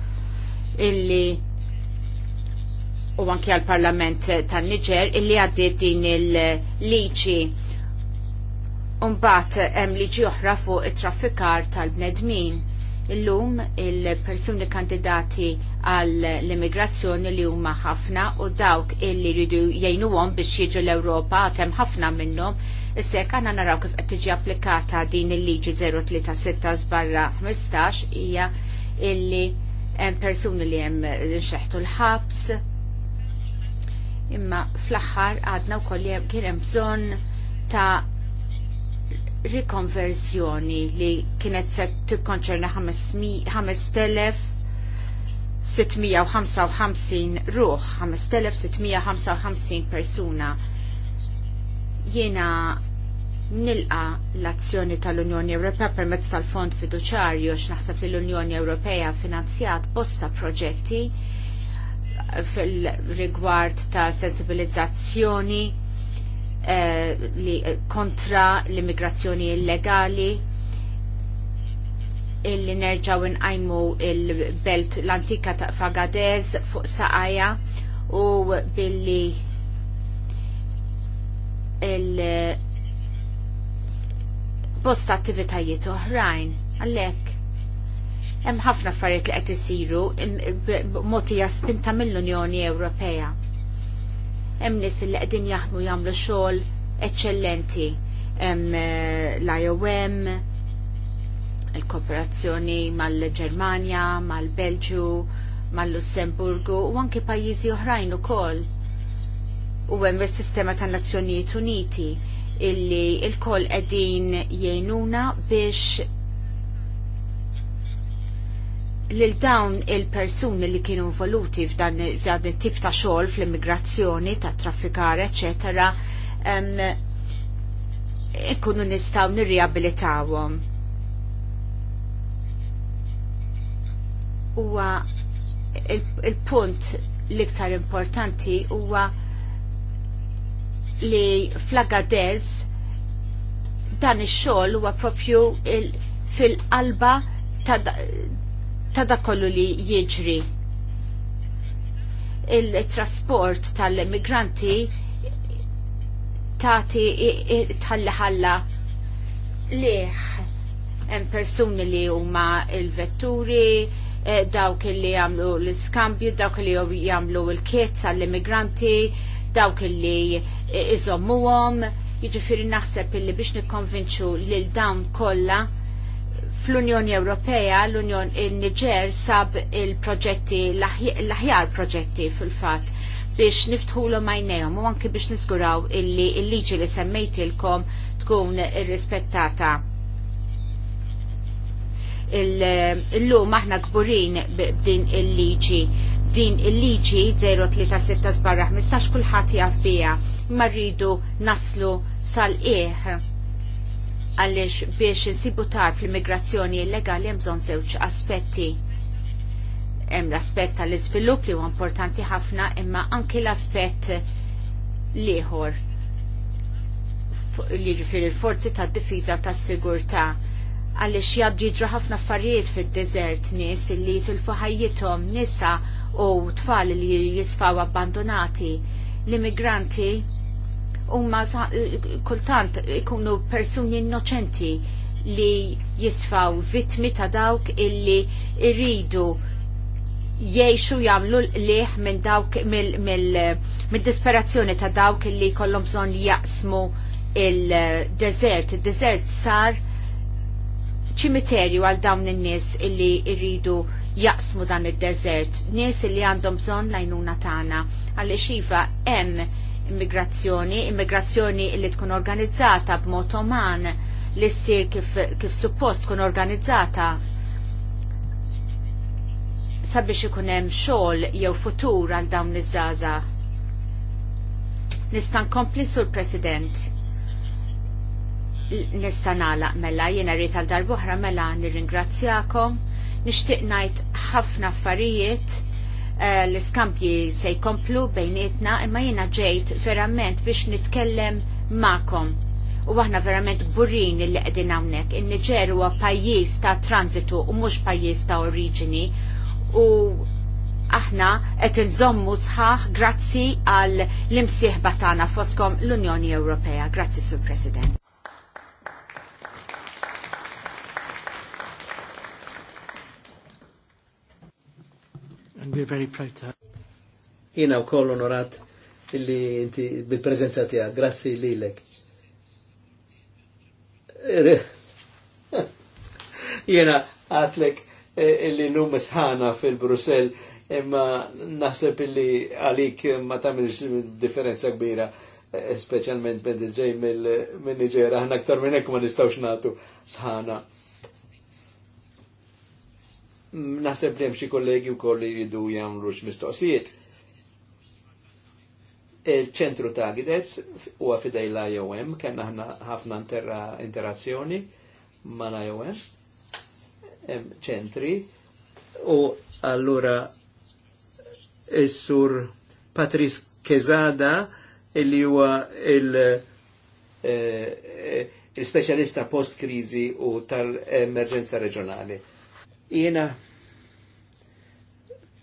illi u anki għal parlament tan niġer illi għaddi din il-liġi mbagħad hemm liġi oħra fuq it-traffikar tal-bnedmin. Illum il-persuni kandidati għall-immigrazzjoni li huma ħafna u dawk illi jridu jgħinuhom biex jiġu l-Ewropa għatem ħafna minnhom. Issek għandna naraw kif qed tiġi applikata din il-liġi 036 barra 15 hija illi hemm persuni li hemm nxeħtu l-ħabs. Imma fl-aħħar għadna wkoll kien hemm bżonn ta' rikonverzjoni li kienet se tikkonċerna 5655 ruħ, 5655 persuna. Jiena nilqa l-azzjoni tal-Unjoni Ewropea permezz tal-Fond Fiduċarju x naħseb li l-Unjoni Ewropea finanzjat bosta proġetti fil-rigward ta' sensibilizzazzjoni Eh, li eh, kontra l-immigrazzjoni illegali illi nerġaw inqajmu il-belt l-antika ta' Fagadez fuq Saqaja u billi il- post attivitajiet oħrajn għallek hemm ħafna affarijiet li qed isiru hija spinta mill-Unjoni Ewropea hemm nies li qegħdin jaħdmu jagħmlu xogħol eċċellenti hemm eh, l-IOM, il-kooperazzjoni mal-Ġermanja, mal-Belġu, mal-Lussemburgu u anke pajjiżi oħrajn ukoll. U hemm is-sistema tan-Nazzjonijiet Uniti illi il-koll qegħdin jgħinuna biex lil dawn il-persuni li kienu involuti f'dan it-tip ta' xogħol fl-immigrazzjoni, ta' traffikar, eċetera, ikunu nistgħu nirriabilitawhom. Huwa il-punt l-iktar importanti huwa li fl dan ix-xogħol huwa propju fil-qalba ta' ta' dak kollu li jiġri. Il-trasport tal-immigranti tati tħalli ħalla liħ hemm persuni li huma il-vetturi, eh, dawk li jagħmlu l-iskambju, dawk li jagħmlu l-kiet għall-immigranti, dawk li iżommuhom, jiġifieri naħseb illi biex nikkonvinċu lil dawn kollha Fl-Unjoni Ewropea, l-Unjon il-Niger sab il-proġetti, l-aħjar proġetti fil-fat biex niftħulu majnejhom u anki biex nisguraw illi il-liġi li semmejtilkom tkun irrispettata. Illum aħna kburin b'din il-liġi. Din il-liġi 036 barra 15 kulħadd jaf bija marridu rridu naslu sal-ieħ għaliex biex insibu tarf l-immigrazzjoni illegali hemm bżonn żewġ aspetti. Hemm l-aspett tal-iżvilupp li huwa importanti ħafna imma anki l-aspett lieħor li Jiġifieri l-forzi tad-difiża u tas-sigurtà għaliex jiġru ħafna affarijiet fid-deżert nies li jitilfu ħajjithom nisa u tfal li jisfaw abbandonati l-immigranti umma kultant ikunu persuni innoċenti li jisfaw vittmi ta' dawk illi irridu jiexu jamlu liħ minn dawk mid disperazzjoni ta' dawk illi kollom bżonn li jaqsmu il-desert. Il-desert sar ċimiterju għal dawn in-nies illi irridu jaqsmu dan id-desert, nies illi għandhom bżonn lajnuna tagħna. Għaliex iva hemm immigrazzjoni, immigrazzjoni li tkun organizzata b'mod oman li ssir kif, kif suppost tkun organizzata sabiex ikun hemm xogħol jew futur għal dawn iż-żgħażagħ. Nista' nkompli sur President. Nista' nagħlaq mela jiena rrid għal oħra mela nirringrazzjakom, nixtieq ngħid ħafna affarijiet Eh, l-iskampji se jkomplu bejnietna imma jiena ġejt verament biex nitkellem ma'kom. U aħna verament burin li qegħdin hawnhekk. In-Niġer huwa pajjiż ta' transitu u mhux pajjiż ta' oriġini u aħna qed inżommu sħaħ grazzi għal l-imsieħba tagħna foskom l-Unjoni Ewropea. Grazzi Sur President. And we're very proud to have. Jina u koll onorat illi inti bil-prezenza tija, grazzi lilek. Jena għatlek eh, illi num sħana fil-Brussel imma naħseb illi għalik ma tamilx differenza kbira eh, specialment minn ġej mill-Niġera, ħna aktar minn ma nistawx natu sħana naħseb li xi kollegi wkoll li jridu jagħmlu mistoqsijiet. Il-ċentru ta' Gidez huwa fidej l-IOM, kien aħna ħafna interazzjoni ma' l-IOM, ċentri, u allura il sur Patris Kezada illi huwa eh, eh, il-speċjalista il, il, post-krizi u tal-emerġenza reġjonali Jena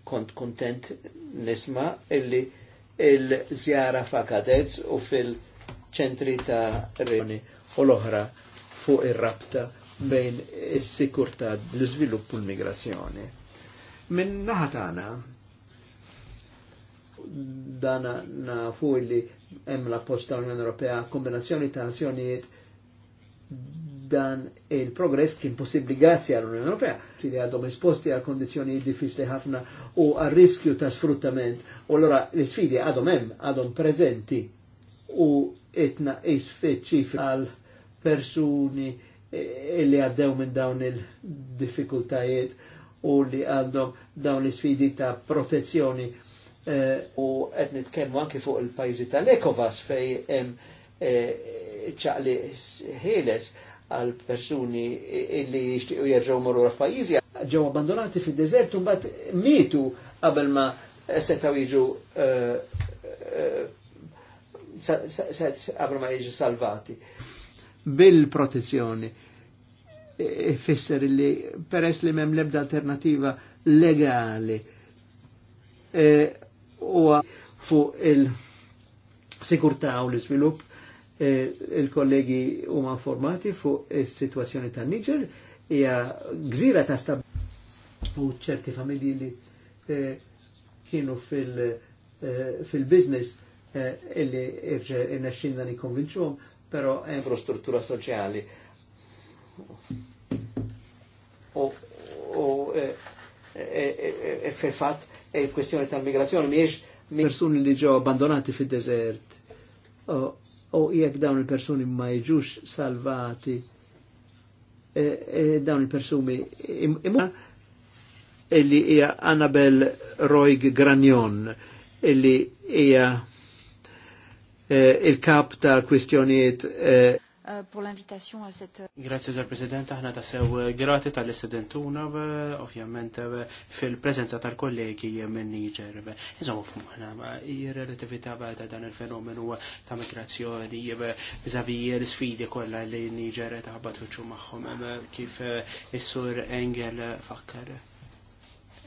kont kontent nisma illi il-żjara fakadez u fil-ċentri ta' Rejoni u l-oħra fuq ir-rabta bejn is-sikurtà, l-iżvilupp u l-migrazzjoni. Minn naħa tagħna dana nafu li hemm l-apposta l-Unjoni Ewropea kombinazzjoni ta' azzjonijiet dan il-progress kien possibbli grazzi għall-Unjoni Ewropea. Si li għadhom esposti għal kondizjoni diffiċli ħafna u għal riskju ta' sfruttament. U allora l-sfidi għadhom hemm, għadhom preżenti u itna isfeċif għal persuni e, e, li għaddew minn dawn il-diffikultajiet u li għandhom dawn l-sfidi ta' protezzjoni e, u qed nitkellmu anke fuq il-pajjiżi tal-Ekovas fej hemm ċaqli ħieles għal persuni illi jishtiqu jirġaw morru f'pajjiżi ġew abbandonati fid-deżert un bat mitu qabel ma setaw jġu eh, eh, qabel ma jġu salvati. Bil-protezzjoni eh, fisser li peress li mem lebda alternativa legali huwa fu il sikurta u l-iżvilupp E, il-kollegi huma informati fu il-situazzjoni ta' Niger ija gżira ta' stab u ċerti familji li e, kienu fil e, biznis illi irnexxin dan ikkonvinċuhom, però infrastruttura soċjali. U fil-fatt il-kwestjoni tal migrazjoni miex persuni li ġo abbandonati fil desert u jekk dawn il-persuni ma jġux salvati e, e, dawn il-persuni imma illi hija Annabel Roig Granjon, illi hija e, il-kap tal kwistjonijiet Euh, pour l'invitation à cette... Euh, Grazie, Sir Presidente, aħna ta' sew eh, grati tal-istudentuna, eh, ovvjament eh, fil-prezenza tal-kollegi minn Niger. Insomma, f'muħna, il-relativita ta' dan il-fenomenu ta' migrazzjoni, zavi l-sfidi kolla li Niger taħbat uċu maħħom, kif il-sur Engel fakkar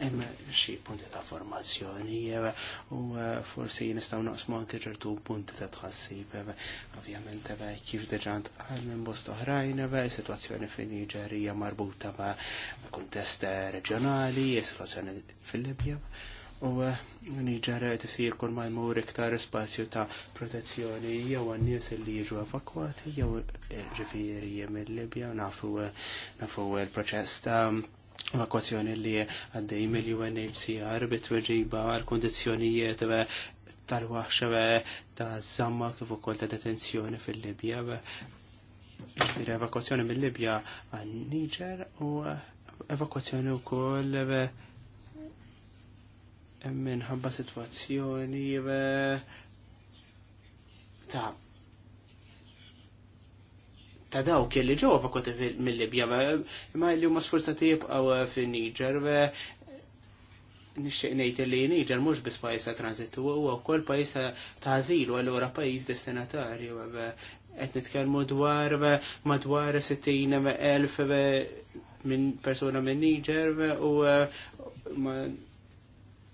hemm xi punti ta' formazzjoni u eh, forsi nistgħu naqsmu anke ċertu punti ta' tħassib. Eh, ovvjament eh, kif deġant ntqal minn bost oħrajn, is-sitwazzjoni fin-Niġer hija marbuta ma' kuntest reġjonali, is-sitwazzjoni fil-Libja. U nġara tisir kull ma jmur iktar spazju ta' protezzjoni jew għannis li jiġu evakuati jew ġifieri mill-Libja nafu il l-proċess ta' evakuazzjoni li għaddej mill-UNHCR bitweġiba għal-kondizjonijiet tal-waħxa ta' zamma kif ukoll ta' detenzjoni fil-Libja. Evakuazzjoni mill-Libja għan Niger u evakuazzjoni wkoll minħabba situazzjoni ta' ta' daw li ġew evakuati mill-Libja, ma li huma sforzati jibqgħu fin-Niġer. Nixtieq ngħid li Niġer mhux biss pajjiż ta' tranzittu, huwa wkoll pajjiż ta' ażil u allura pajjiż destinatarju. Qed nitkellmu dwar madwar 60,000 minn persuna minn Niġer u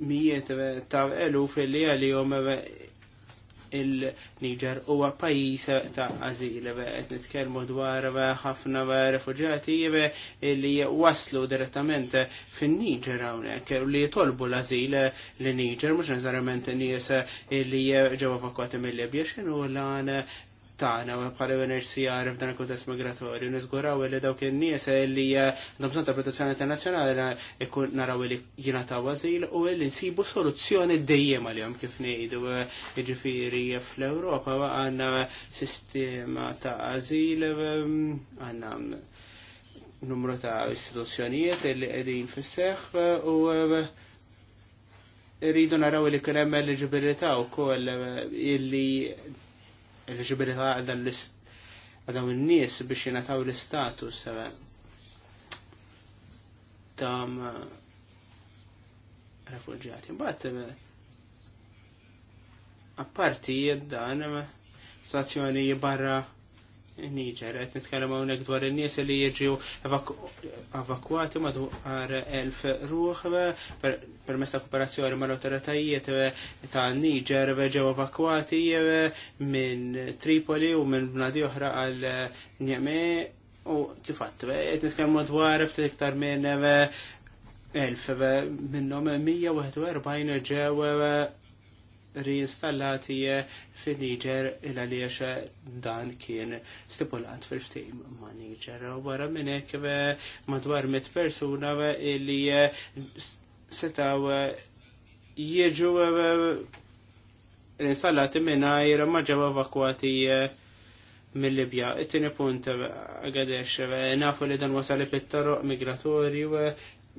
mijiet ta' eluf li għalihom il-Niger huwa pajjiż ta' għażil qed nitkellmu dwar ħafna refuġjati li waslu direttament fin-Niger hawnhekk li jitolbu l azil li Niger mhux neżarament nies li ġew evakwati mill-Libja l lan tagħna bħala UNHCR f'dan il-kuntest migratorju niżguraw li dawk in-nies li eh, għandhom bżonn ta' protezzjoni internazzjonali eh, ikun naraw li jingħataw għażil u li nsibu soluzzjoni dejjem għalihom kif ngħidu eh, jiġifieri fl-Ewropa għandna sistema ta' għażil għandna numru ta' istituzzjonijiet li qegħdin fis-seħħ u rridu naraw li kien hemm eliġibilità wkoll illi il-ġibilità għal dawn in-nies biex jingħataw l-istatus eh, ta' eh, refugġati. Mbagħad eh, apparti dan situazzjoni barra Niger. għet nitkellem għonek dwar il nies li jiġu evakwati madwar elf ruħ per ta' kooperazzjoni ma' l-autoritajiet ta' Niger ġew evakuati minn Tripoli u minn bnadi oħra għal Njeme u tifatt. Qed nitkellmu dwar ftit iktar minn elf minnom 141 ġew reinstallati fil-Niger il għaliex dan kien stipulat fil-ftim ma' Niger. U għara minnek eh, madwar mit persuna eh, li eh, setaw jieġu reinstallati minna jira maġġaw evakuati mill-Libja. It-tieni punt għadex nafu li dan wasali pittaru toroq migratorju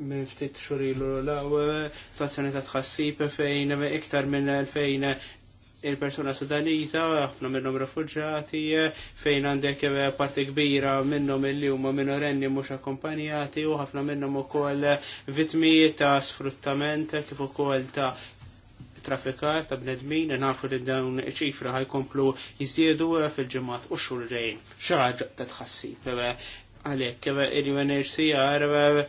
minn ftit xurilu law stazzjoni eh, ta' tħassib fejn iktar minn fejn il-persona sudaniza, ħafna minnhom refugġati, eh, fejn għandek eh, parti kbira minnhom illi huma minorenni mhux akkompanjati u ħafna minnhom ukoll vitmi ta' sfruttament kif ukoll ta' trafikar ta' bnedmin, nafu li dawn ċifra ħajkomplu jizjedu fil-ġemat u xurrejn. ċaħġa ta' tħassib, għalek, UNHCR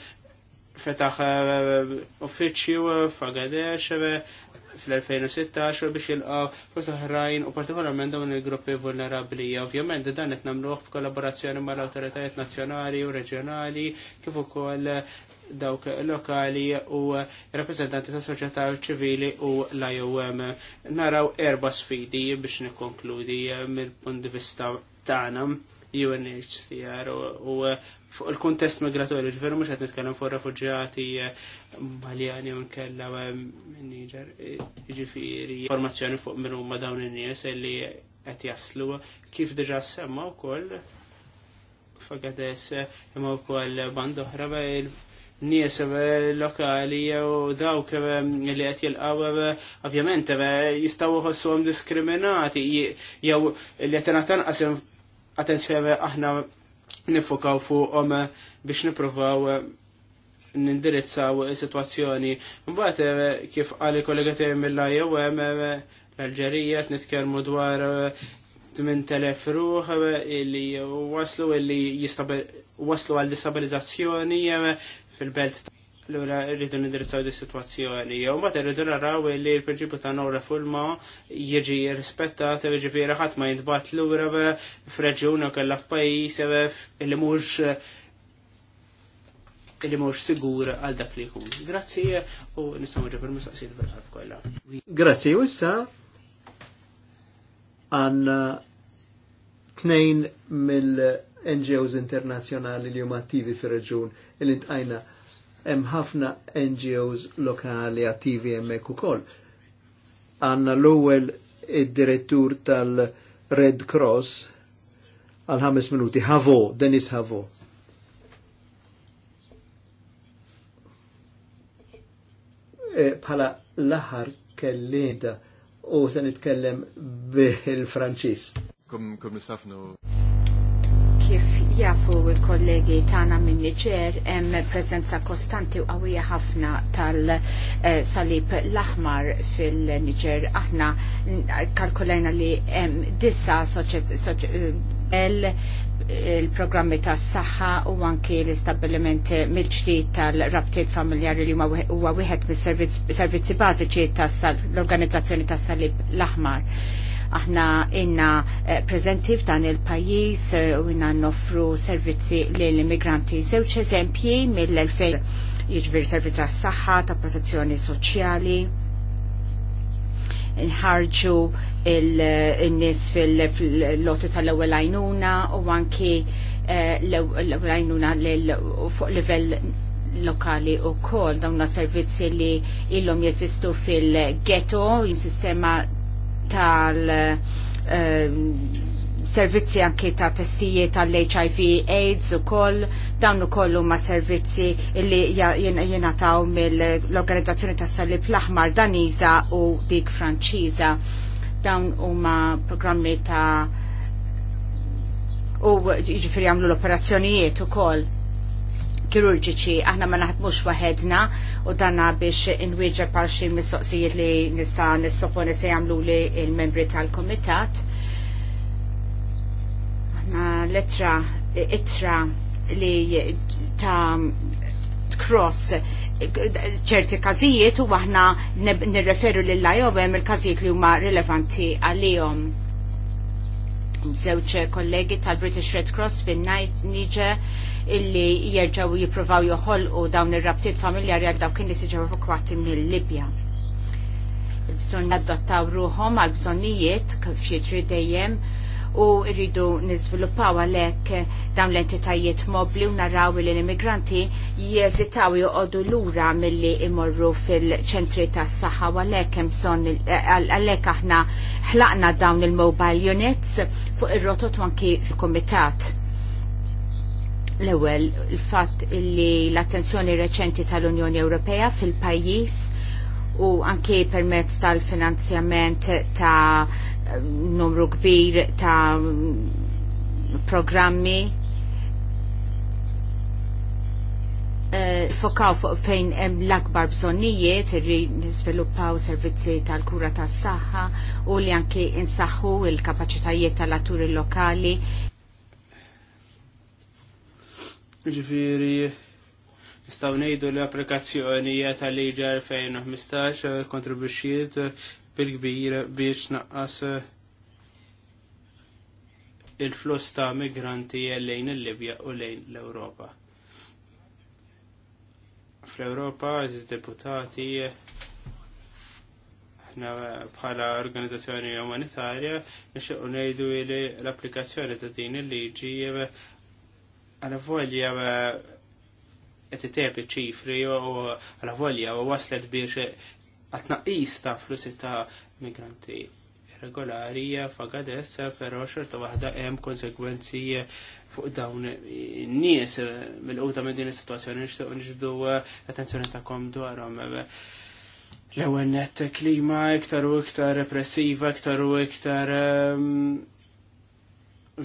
fetaħ eh, eh, uffiċċju eh, f'Agadex fl-2016 biex jilqaw fost oħrajn u partikolarment dawn il-gruppi vulnerabli. Ovvjament dan qed nagħmluh f'kollaborazzjoni mal-awtoritajiet nazzjonali u reġjonali kif ukoll dawk lokali u rappresentanti ta' soċjetà ċivili u l-IOM. Naraw erba sfidi biex nikkonkludi mill-punt di vista tagħna. UNHCR u uh, fuq il-kontest migratorju, ġveru mux għet nitkellem fuq refugġati uh, maljani u nkella uh, Niger, ġifiri, formazzjoni fuq minnu ma' dawn in-nies li qed jaslu kif diġà semma wkoll fagades imma wkoll band oħra nies lokali u dawk li qed jilqgħu ovvjament jistgħu jħossuhom diskriminati jew li qed tanqas attenzjoni aħna nifokaw fuqhom eh, biex nippruvaw eh, nindirizzaw situazzjoni. Mbagħad eh, kif qal kollega tiegħi mill-lajja l-Alġerija nitkellmu dwar 8000 ruħ li waslu li waslu għal disabilizzazzjoni fil-belt l għura rridu nidrissaw di situazzjoni. Jew bat rridu naraw li l prinċipu ta' nora fulma jiġi rispettat, fira jiġifieri ħadd ma jintbat l-ura f'reġjun u pajis il li mhux li mux sigur għal dak li jkun. Grazzi u nistgħu ġifir mistaqsijiet bil-ħadd kolla. Grazzi u issa għan tnejn mill-NGOs internazjonali li huma attivi fir-reġjun li ntqajna hemm ħafna NGOs lokali attivi hemmhekk ukoll. Għandna l-ewwel id-direttur tal-Red Cross għal ħames minuti, Havo, Denis Havo. Pala e, l-aħħar kellida u se nitkellem bil-Franċis. Kum, nistafnu. Kif jafu il-kollegi tagħna minn Niġer hemm prezenza kostanti u qawwija ħafna tal-salib eh, l-aħmar fil-Niġer. Aħna kalkulajna li hemm disa il-programmi tas saħħa u anki l-istabbiliment mill-ġdid tal-rabtiet familjari li huwa wieħed mis-servizzi bażiċi tas l-organizzazzjoni tas-salib l-aħmar Aħna inna eh, prezenti f'dan il-pajis eh, u inna noffru servizzi l-immigranti. Zewċ eżempji mill-2000 jġbir jiġifieri servizzi tas saħħa ta' protezzjoni soċjali nħarġu il-nis fil-loti tal-ewel għajnuna u anki eh, l-ewel għajnuna fuq livell lokali u kol dawna servizzi li illum jesistu fil-ghetto, sistema tal eh, servizzi anki ta' testijiet tal-HIV AIDS u koll, dawn kollu ma' huma servizzi illi jenataw mill-Organizzazzjoni tas salib l-Aħmar u dik Franċiża. Dawn huma programmi ta' u jiġifieri jagħmlu l-operazzjonijiet ukoll kirurġiċi aħna ma naħdmux waħedna u danna biex inwieġeb għal xi mistoqsijiet li nista' nissoponi se jagħmlu li l-membri tal-kumitat. Aħna letra itra li ta' cross ċerti każijiet u aħna nirreferu lil lajobem il-każijiet li huma rilevanti għalihom. Żewġ kollegi tal-British Red Cross fin Niger illi jerġaw jipruvaw joħolqu dawn ir-rabtiet familjari għal dawk kien siġew evakwati mill-Libja. Il-bżonn jaddottaw ruħom għal bżonnijiet kif dejjem u rridu niżviluppaw għalhekk dawn l-entitajiet mobli u narraw li l-immigranti jeżitaw joqogħdu lura milli imorru fil-ċentri tas s u għalhekk hemm bżonn għalhekk aħna ħlaqna dawn il-mobile units fuq ir-rotot anki fil-kumitat L-ewwel il-fatt illi l-attenzjoni reċenti tal-Unjoni Ewropea fil-pajjiż u anke permezz tal-finanzjament ta' numru kbir ta' programmi eh, fokaw fuq fejn hemm l-akbar bżonnijiet irri nisviluppaw servizzi tal-kura tas-saħħa u li anke insaħħu l-kapaċitajiet tal-atturi lokali Ġifiri, nistaw nejdu l-applikazzjoni tal-liġi 2015 eh, kontribuxiet bil-kbir biex naqqas eh, il-flus ta' migranti lejn il-Libja u lejn l-Europa. Fl-Europa, deputati ħna bħala organizzazzjoni umanitarja nixtiequ ngħidu li l-applikazzjoni ta' din il-liġi eh, għala volja eh, qed tepi ċifri u għala volja u waslet biex għatnaqis ta' flussi ta' migranti regolari f'Agades, però xorta waħda hemm konsekwenzi fuq dawn in-nies eh, mill-quta minn din is-sitwazzjoni nixtieq nixbdu eh, attenzjoni tagħkom dwarhom. L-ewwel net klima iktar u iktar repressiva, iktar u iktar ehm,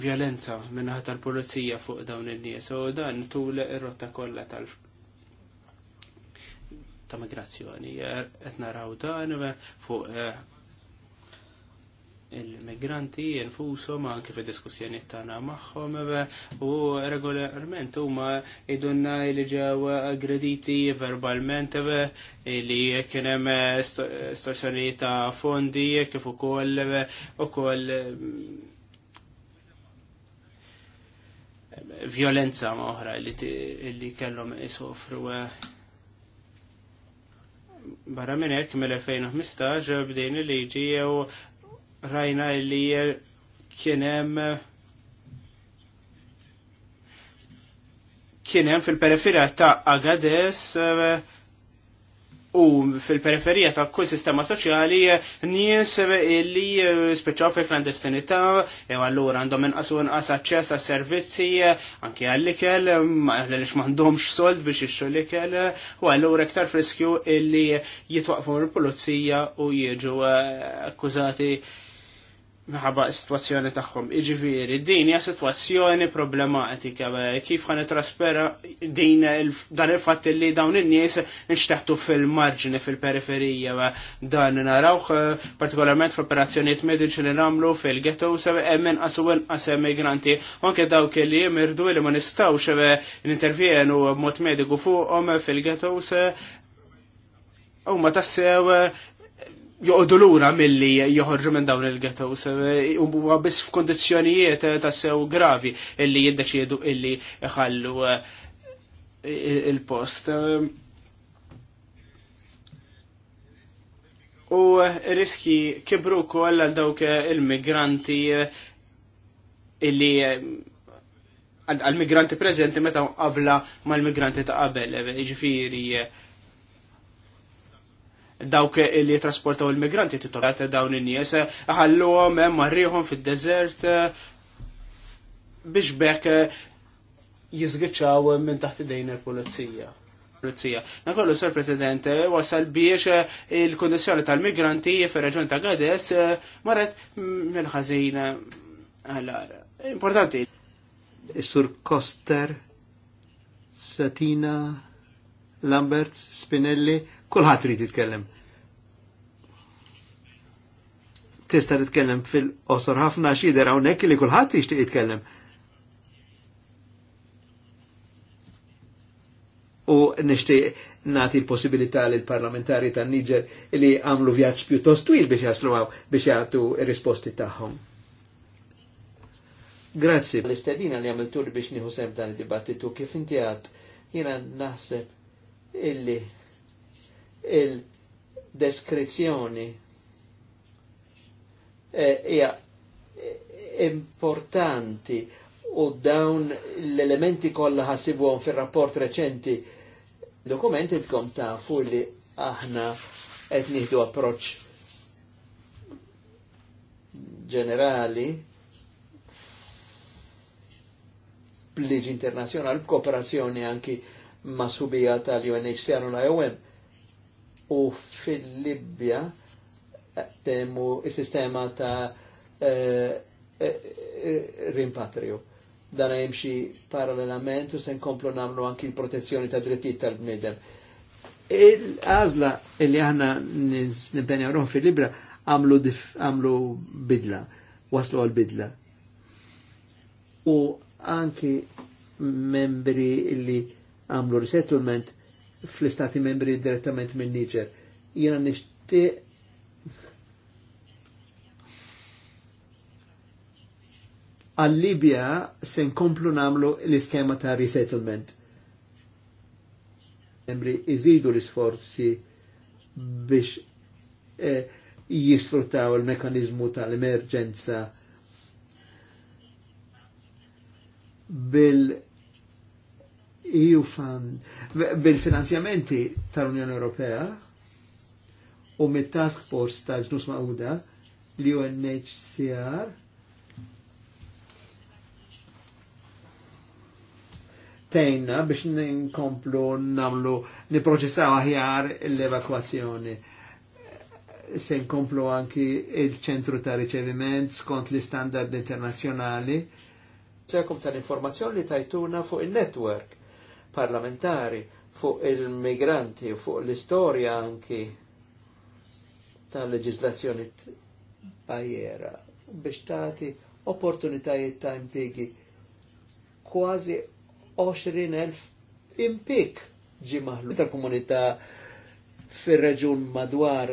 violenza minnaħat tal-polizija fuq dawn il-nies u dan tul ir-rotta kollha tal- ta' migrazzjoni. Qed naraw dan fuq eh, il-migranti ma' anke fi diskussjoni tagħna magħhom eh, u regolarment huma idunna li ġew aggrediti verbalment eh, li kien hemm storsjoni ta' fondi kif u ukoll violenza oħra li kellhom isofru eh. barra minn hekk mill-2015 bdejn il-liġi jew rajna li kien hemm kien hemm fil-periferja ta' Agades eh, u fil-periferija ta' kull sistema soċjali nies li eh, speċaw fil klandestinità u eh, allura għandhom inqas u inqas aċċess għas servizzi eh, anke għall-ikel għaliex m'għandhomx sold biex jixxu l-ikel u allura iktar friskju illi jitwaqfu l-pulizija u jiġu akkużati minħabba situazzjoni tagħhom. Iġifieri, din hija situazzjoni problematika kif ħan traspera din dan il-fatt li dawn in-nies nxteħtu fil-marġini fil-periferija dan narawh eh, partikolarment f'operazzjonijiet mediċi li nagħmlu fil-ghetto eh, hemm inqas u inqas immigranti anke dawk li jimirdu li ma nistgħux eh, nintervjenu b'mod mediku fuqhom fil-ghetto u ma tassew joqdu lura milli joħorġu minn dawn il-ghettos, eh, u għabis f'kondizjonijiet eh, ta' sew gravi illi jiddeċiedu illi jħallu eh, il-post. U riski kibru kol għal dawk il-migranti illi għal-migranti prezenti meta qabla mal-migranti ta' qabel, ġifiri dawk li trasportaw il-migranti titolat dawn in-nies ħalluhom hemm eh, marriħhom fid-deżert eh, biex bekk eh, jiżgiċċaw minn taħt idejn il-pulizija. Pulizija. Nakollu, Sir President, wasal biex il-kondizjoni tal-migranti fir-reġun ta' Gades marret mill ħażin għall Importanti. Sur Koster, Satina, Lamberts, Spinelli, kulħadd rid jitkellem. tista' titkellem fil-qosor ħafna xider hawnhekk li kulħadd jixtieq jitkellem. U nixtieq nagħti l-possibilità lill parlamentari tan Niger li għamlu vjaġġ pjuttost twil biex jaslu biex jagħtu risposti tagħhom. Grazzi. L-istedina li għamiltu li biex nieħu sem dan id-dibattitu kif inti għad jiena naħseb illi il-deskrizzjoni Eh, hija eh, importanti u dawn l-elementi kollha ħassibuhom fir-rapport reċenti dokumenti tkom tafu li aħna qed nieħdu approċċ ġenerali bliġi internazzjonali b'kooperazzjoni anki ma' subija tal-UNHCR u l-IOM. E u fil-Libja temu il-sistema ta' eh, eh, eh, rimpatriu. Dana jemxi parallelament u sen komplu namlu anki il protezzjoni ta' drittijiet tal-bnidem. Il-għazla li aħna nimpenja ruħ fil-libra għamlu bidla, waslu għal-bidla. U anki membri li għamlu resettlement fl-istati membri direttament minn Niger. Jena nishtiq Għal-Libja se nkomplu namlu l-iskema ta' resettlement. Sembri iżidu l-isforzi biex eh, jisfruttaw il-mekanizmu tal-emerġenza bil- EU fund, bil-finanzjamenti tal-Unjoni Ewropea u mit-task force ta' ġnus ma'uda li UNHCR tejna biex ninkomplu namlu niproċessaw aħjar l evakuazzjoni Se nkomplu anki il-ċentru ta' riċeviment skont li standard internazzjonali. Sekum tal-informazzjoni li tajtuna fuq il-network parlamentari, fuq il-migranti, fuq l-istoria anki ta' leġislazzjoni bajjera biex tati opportunitajiet ta' impigi kważi 20.000 impik ġi maħlu ta' komunità fir-reġun madwar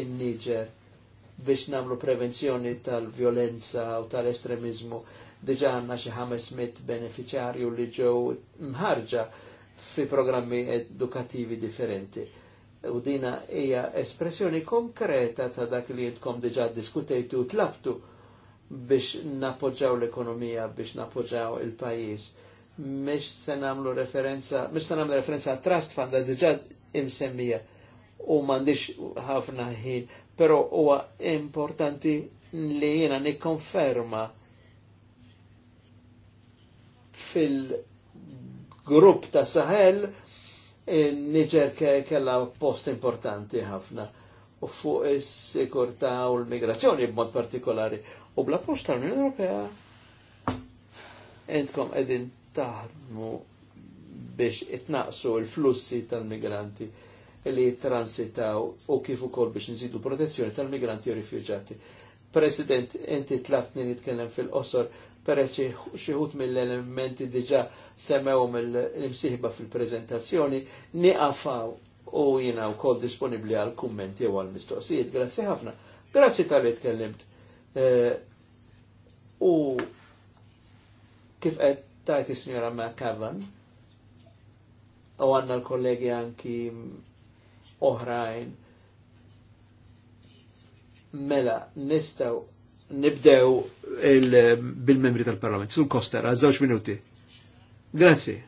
in-Niġer biex namlu prevenzjoni tal-violenza u tal-estremizmu. Diġa għanna xi 500 beneficjarju li ġew mħarġa fi programmi edukativi differenti u dina hija espressjoni konkreta ta' dak li jitkom diġa diskutejtu u tlabtu biex napoġġaw l-ekonomija, biex napoġġaw il-pajis. Mish se namlu referenza, mish se namlu referenza trust fund diġa imsemmija u mandiġ ħafna ħin, pero huwa importanti li jena nikkonferma fil-grupp ta' Sahel Niger kella post importanti ħafna u fuq is-sikurtà u l-migrazzjoni b'mod partikolari. U bla post tal-Unjoni Ewropea entkom qegħdin taħdmu biex itnaqsu l-flussi tal-migranti li transitaw u kif ukoll biex nżidu protezzjoni tal-migranti u rifuġati. President, inti tlabtni nitkellem fil-qosor peress xieħut mill-elementi diġa semmew mill-imsiħba fil-prezentazzjoni, niqafaw u jina u kol disponibli għal kummenti u għal mistoqsijiet. Grazzi ħafna. Grazzi tal-li tkellimt. Eh, u kif qed tajt is-Sinjora McCavan u għanna l-kollegi anki oħrajn mela nistaw nibdew bil-membri tal-parlament. Sul Koster, għazzawx minuti. Grazie.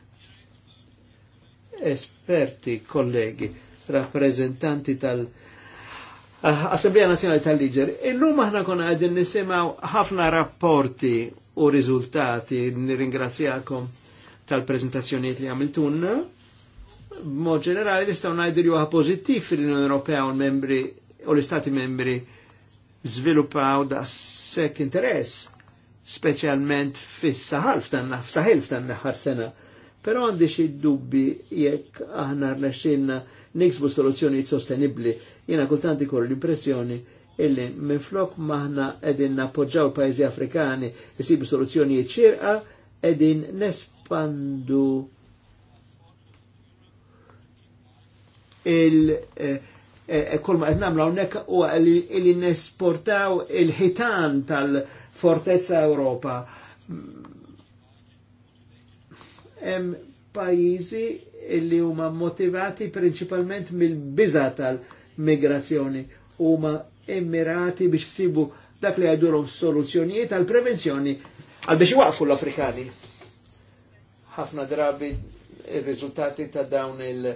Esperti, kollegi, rappresentanti tal- Assemblea Nazjonali tal-Liġer, illum aħna konna għadin nisimaw ħafna rapporti u riżultati, nirringrazzjakom tal-prezentazzjoniet li għamiltunna. Mod ġenerali l ngħidu li juħa pozittif fil-Unjoni Ewropea u l-membri u l-Istati membri żviluppaw da sekk interess, speċjalment fis-saħal f'tanna, f'saħil f'tanna ħar sena. Però għandi xi dubbi jekk aħna rnexxilna niksbu soluzzjoni sostenibbli. Jiena kultant ikollu l-impressjoni illi minflok maħna edin nappoġġaw l-pajzi afrikani jisibu soluzzjonijiet ċirqa edin nespandu il- eh, E, e kol ma la unnek u li nesportaw il-ħitan tal-fortezza Europa. Em pajizi illi huma motivati principalment mill-biza tal-migrazzjoni huma immirati biex sibu dak li għajdurhom soluzzjonijiet għal prevenzjoni għal biex waqfu l-Afrikani. ħafna drabi il rizultati ta' dawn il-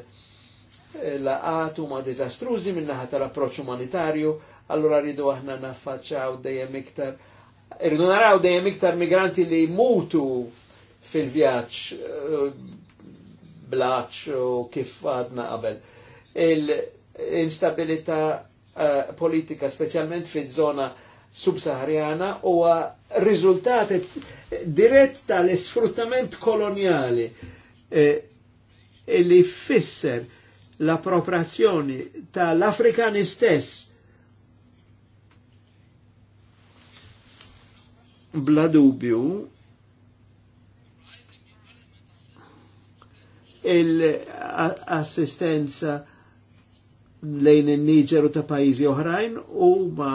laqat huma diżastrużi minnaħa tal approċ umanitarju, allora rridu aħna naffaċċaw dejjem iktar rridu naraw dejjem iktar migranti li mutu fil vjaċ eh, blaċ u kif għadna qabel. Il-instabilità eh, politika, specialment fil zona subsahariana, u riżultat dirett tal sfruttament koloniali eh, li fisser l-appropriazzjoni tal-Afrikani stess bla dubju l assistenza lejn il-Niġeru ta' pajizi oħrajn u ma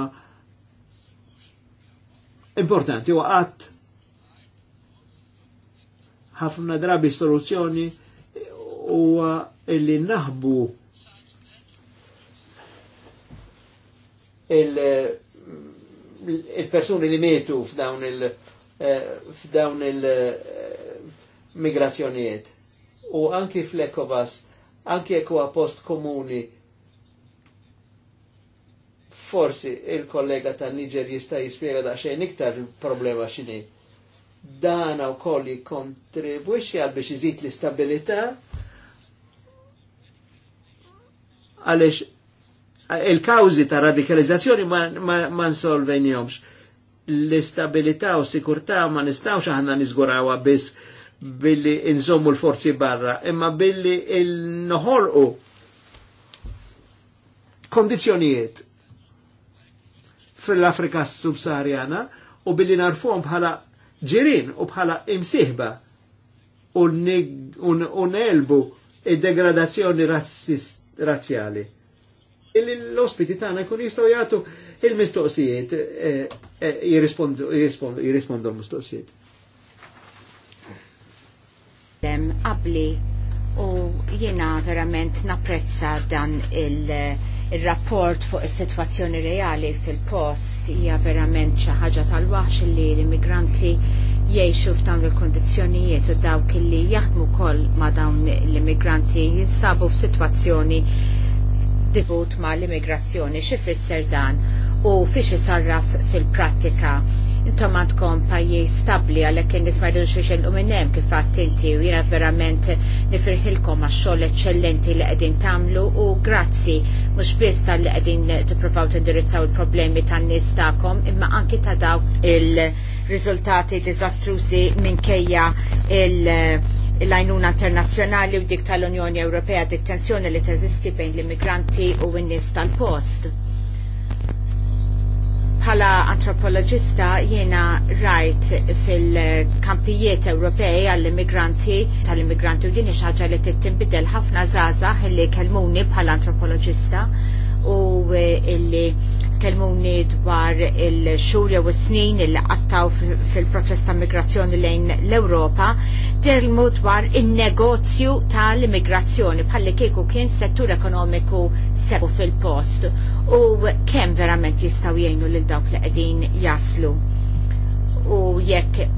importanti u għat ħafna drabi soluzzjoni huwa illi naħbu il-persuni li mietu f'dawn il- eh, f'dawn il-migrazzjonijiet. Eh, U anki fl-Ekovas, anki jekk huwa post komuni, forsi il-kollega ta' Niger jista' jispjega da' xejn iktar problema xini. Dana kolli kontribuixi għal biex iżid l-istabilità għalix eh, il-kawzi ta' radikalizzazzjoni ma, ma, ma nsolvenjomx. L-istabilità u sikurtà ma nistawx aħna nizgurawa biss billi inżommu l-forzi barra, imma billi il-noħolqu kondizjonijiet fil-Afrika subsahariana u billi narfuhom bħala ġirin u bħala imsiħba u nelbu id-degradazzjoni razzist razzjali. L-ospiti tagħna jkun jistgħu jagħtu il-mistoqsijiet eh, eh, jirrispondu l-mistoqsijiet. Qabli u jiena verament napprezza dan il- il-rapport fuq is-sitwazzjoni reali fil-post hija verament xi ħaġa tal-waħx li l-immigranti jgħixu f'dawn il-kondizzjonijiet u dawk li jaħdmu wkoll ma' dawn l-immigranti jinsabu f'sitwazzjoni dibut ma' l-immigrazzjoni xi fisser dan u fiex isarraf fil-prattika intom għandkom pajjiż stabbli għalhekk in nisma' jridu xi xelqu minn hemm kif qatt inti u jiena verament nifirħilkom għax-xogħol eċċellenti li qegħdin tagħmlu u grazzi mhux biss tal-li qegħdin tippruvaw tindirizzaw il-problemi tan-nies tagħkom imma anki ta' dawk il-riżultati diżastrużi minkejja l-għajnuna internazzjonali u dik tal-Unjoni Ewropea dik tensjoni li teżisti bejn l-immigranti u n-nies tal-post Bħala antropologista jiena rajt fil-kampijiet Ewropej għall-immigranti tal-immigranti u din xaġa ħaġa li tinbidel ħafna żgħażagħ illi Kelmuni bħala antropoloġista u illi tkellmuni dwar il-xurja u snin il qattaw fil-proċess ta' migrazzjoni lejn l-Ewropa, termu dwar il-negozju tal-immigrazzjoni bħalli kieku kien settur ekonomiku sebu fil-post u kemm verament jistaw jgħinu lil dawk li qegħdin jaslu. U jekk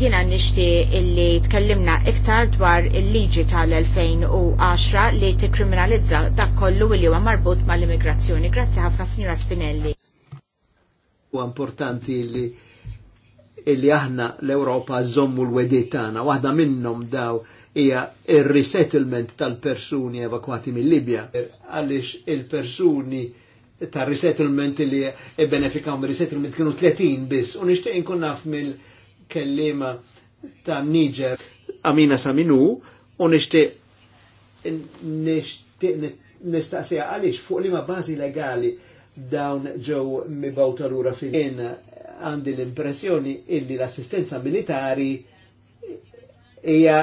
Jiena nixtieq illi tkellimna iktar dwar il-liġi tal-2010 li tikkriminalizza dak kollu li huwa marbut mal-immigrazzjoni. Grazzi ħafna Signora Spinelli. U importanti li illi aħna l-Ewropa żommu l-wedit tagħna. Waħda minnhom daw hija ir-resettlement tal-persuni evakwati mill-Libja. Għaliex il-persuni tar resettlement li ebbenefikaw benefikaw mir resettlement kienu 30 biss u nixtieq inkun naf mill kellima ta' Niger Amina Saminu u nishtiq nishtiq nistaqsija għalix fuq li ma bazi legali dawn ġew mibawta lura fil-in għandi l-impressjoni illi l-assistenza militari hija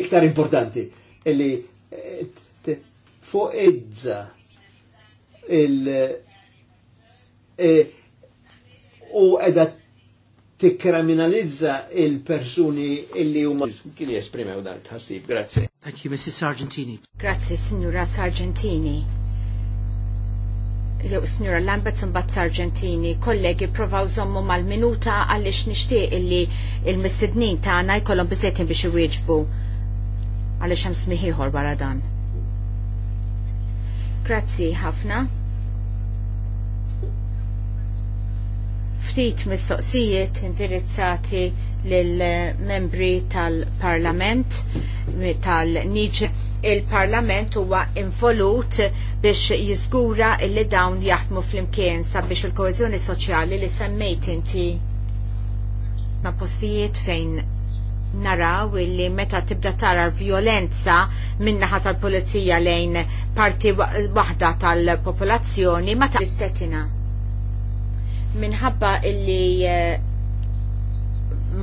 iktar importanti illi eh, fuq idza il eh, u edha tikkriminalizza il-persuni illi huma kien jesprimew dan ħassib. Grazzi. Thank you, Mrs. Sargentini. Grazzi, Signora Sargentini. Jew Signora Lambert bat Sargentini, kollegi provaw żommu mal-minuta għaliex nixtieq illi il-mistednin tagħna jkollhom biżejtin biex iwieġbu għaliex hemm smiħ ieħor wara dan. Grazzi ħafna. ftit mistoqsijiet indirizzati lill-membri tal-Parlament tal-Niġer. Il-Parlament huwa involut biex jiżgura li dawn jaħdmu flimkien sabiex il-koeżjoni soċjali li semmejt inti na postijiet fejn naraw illi meta tibda tara violenza minnaħa tal-polizija lejn parti waħda tal-popolazzjoni ma ta' istetina minħabba illi eh,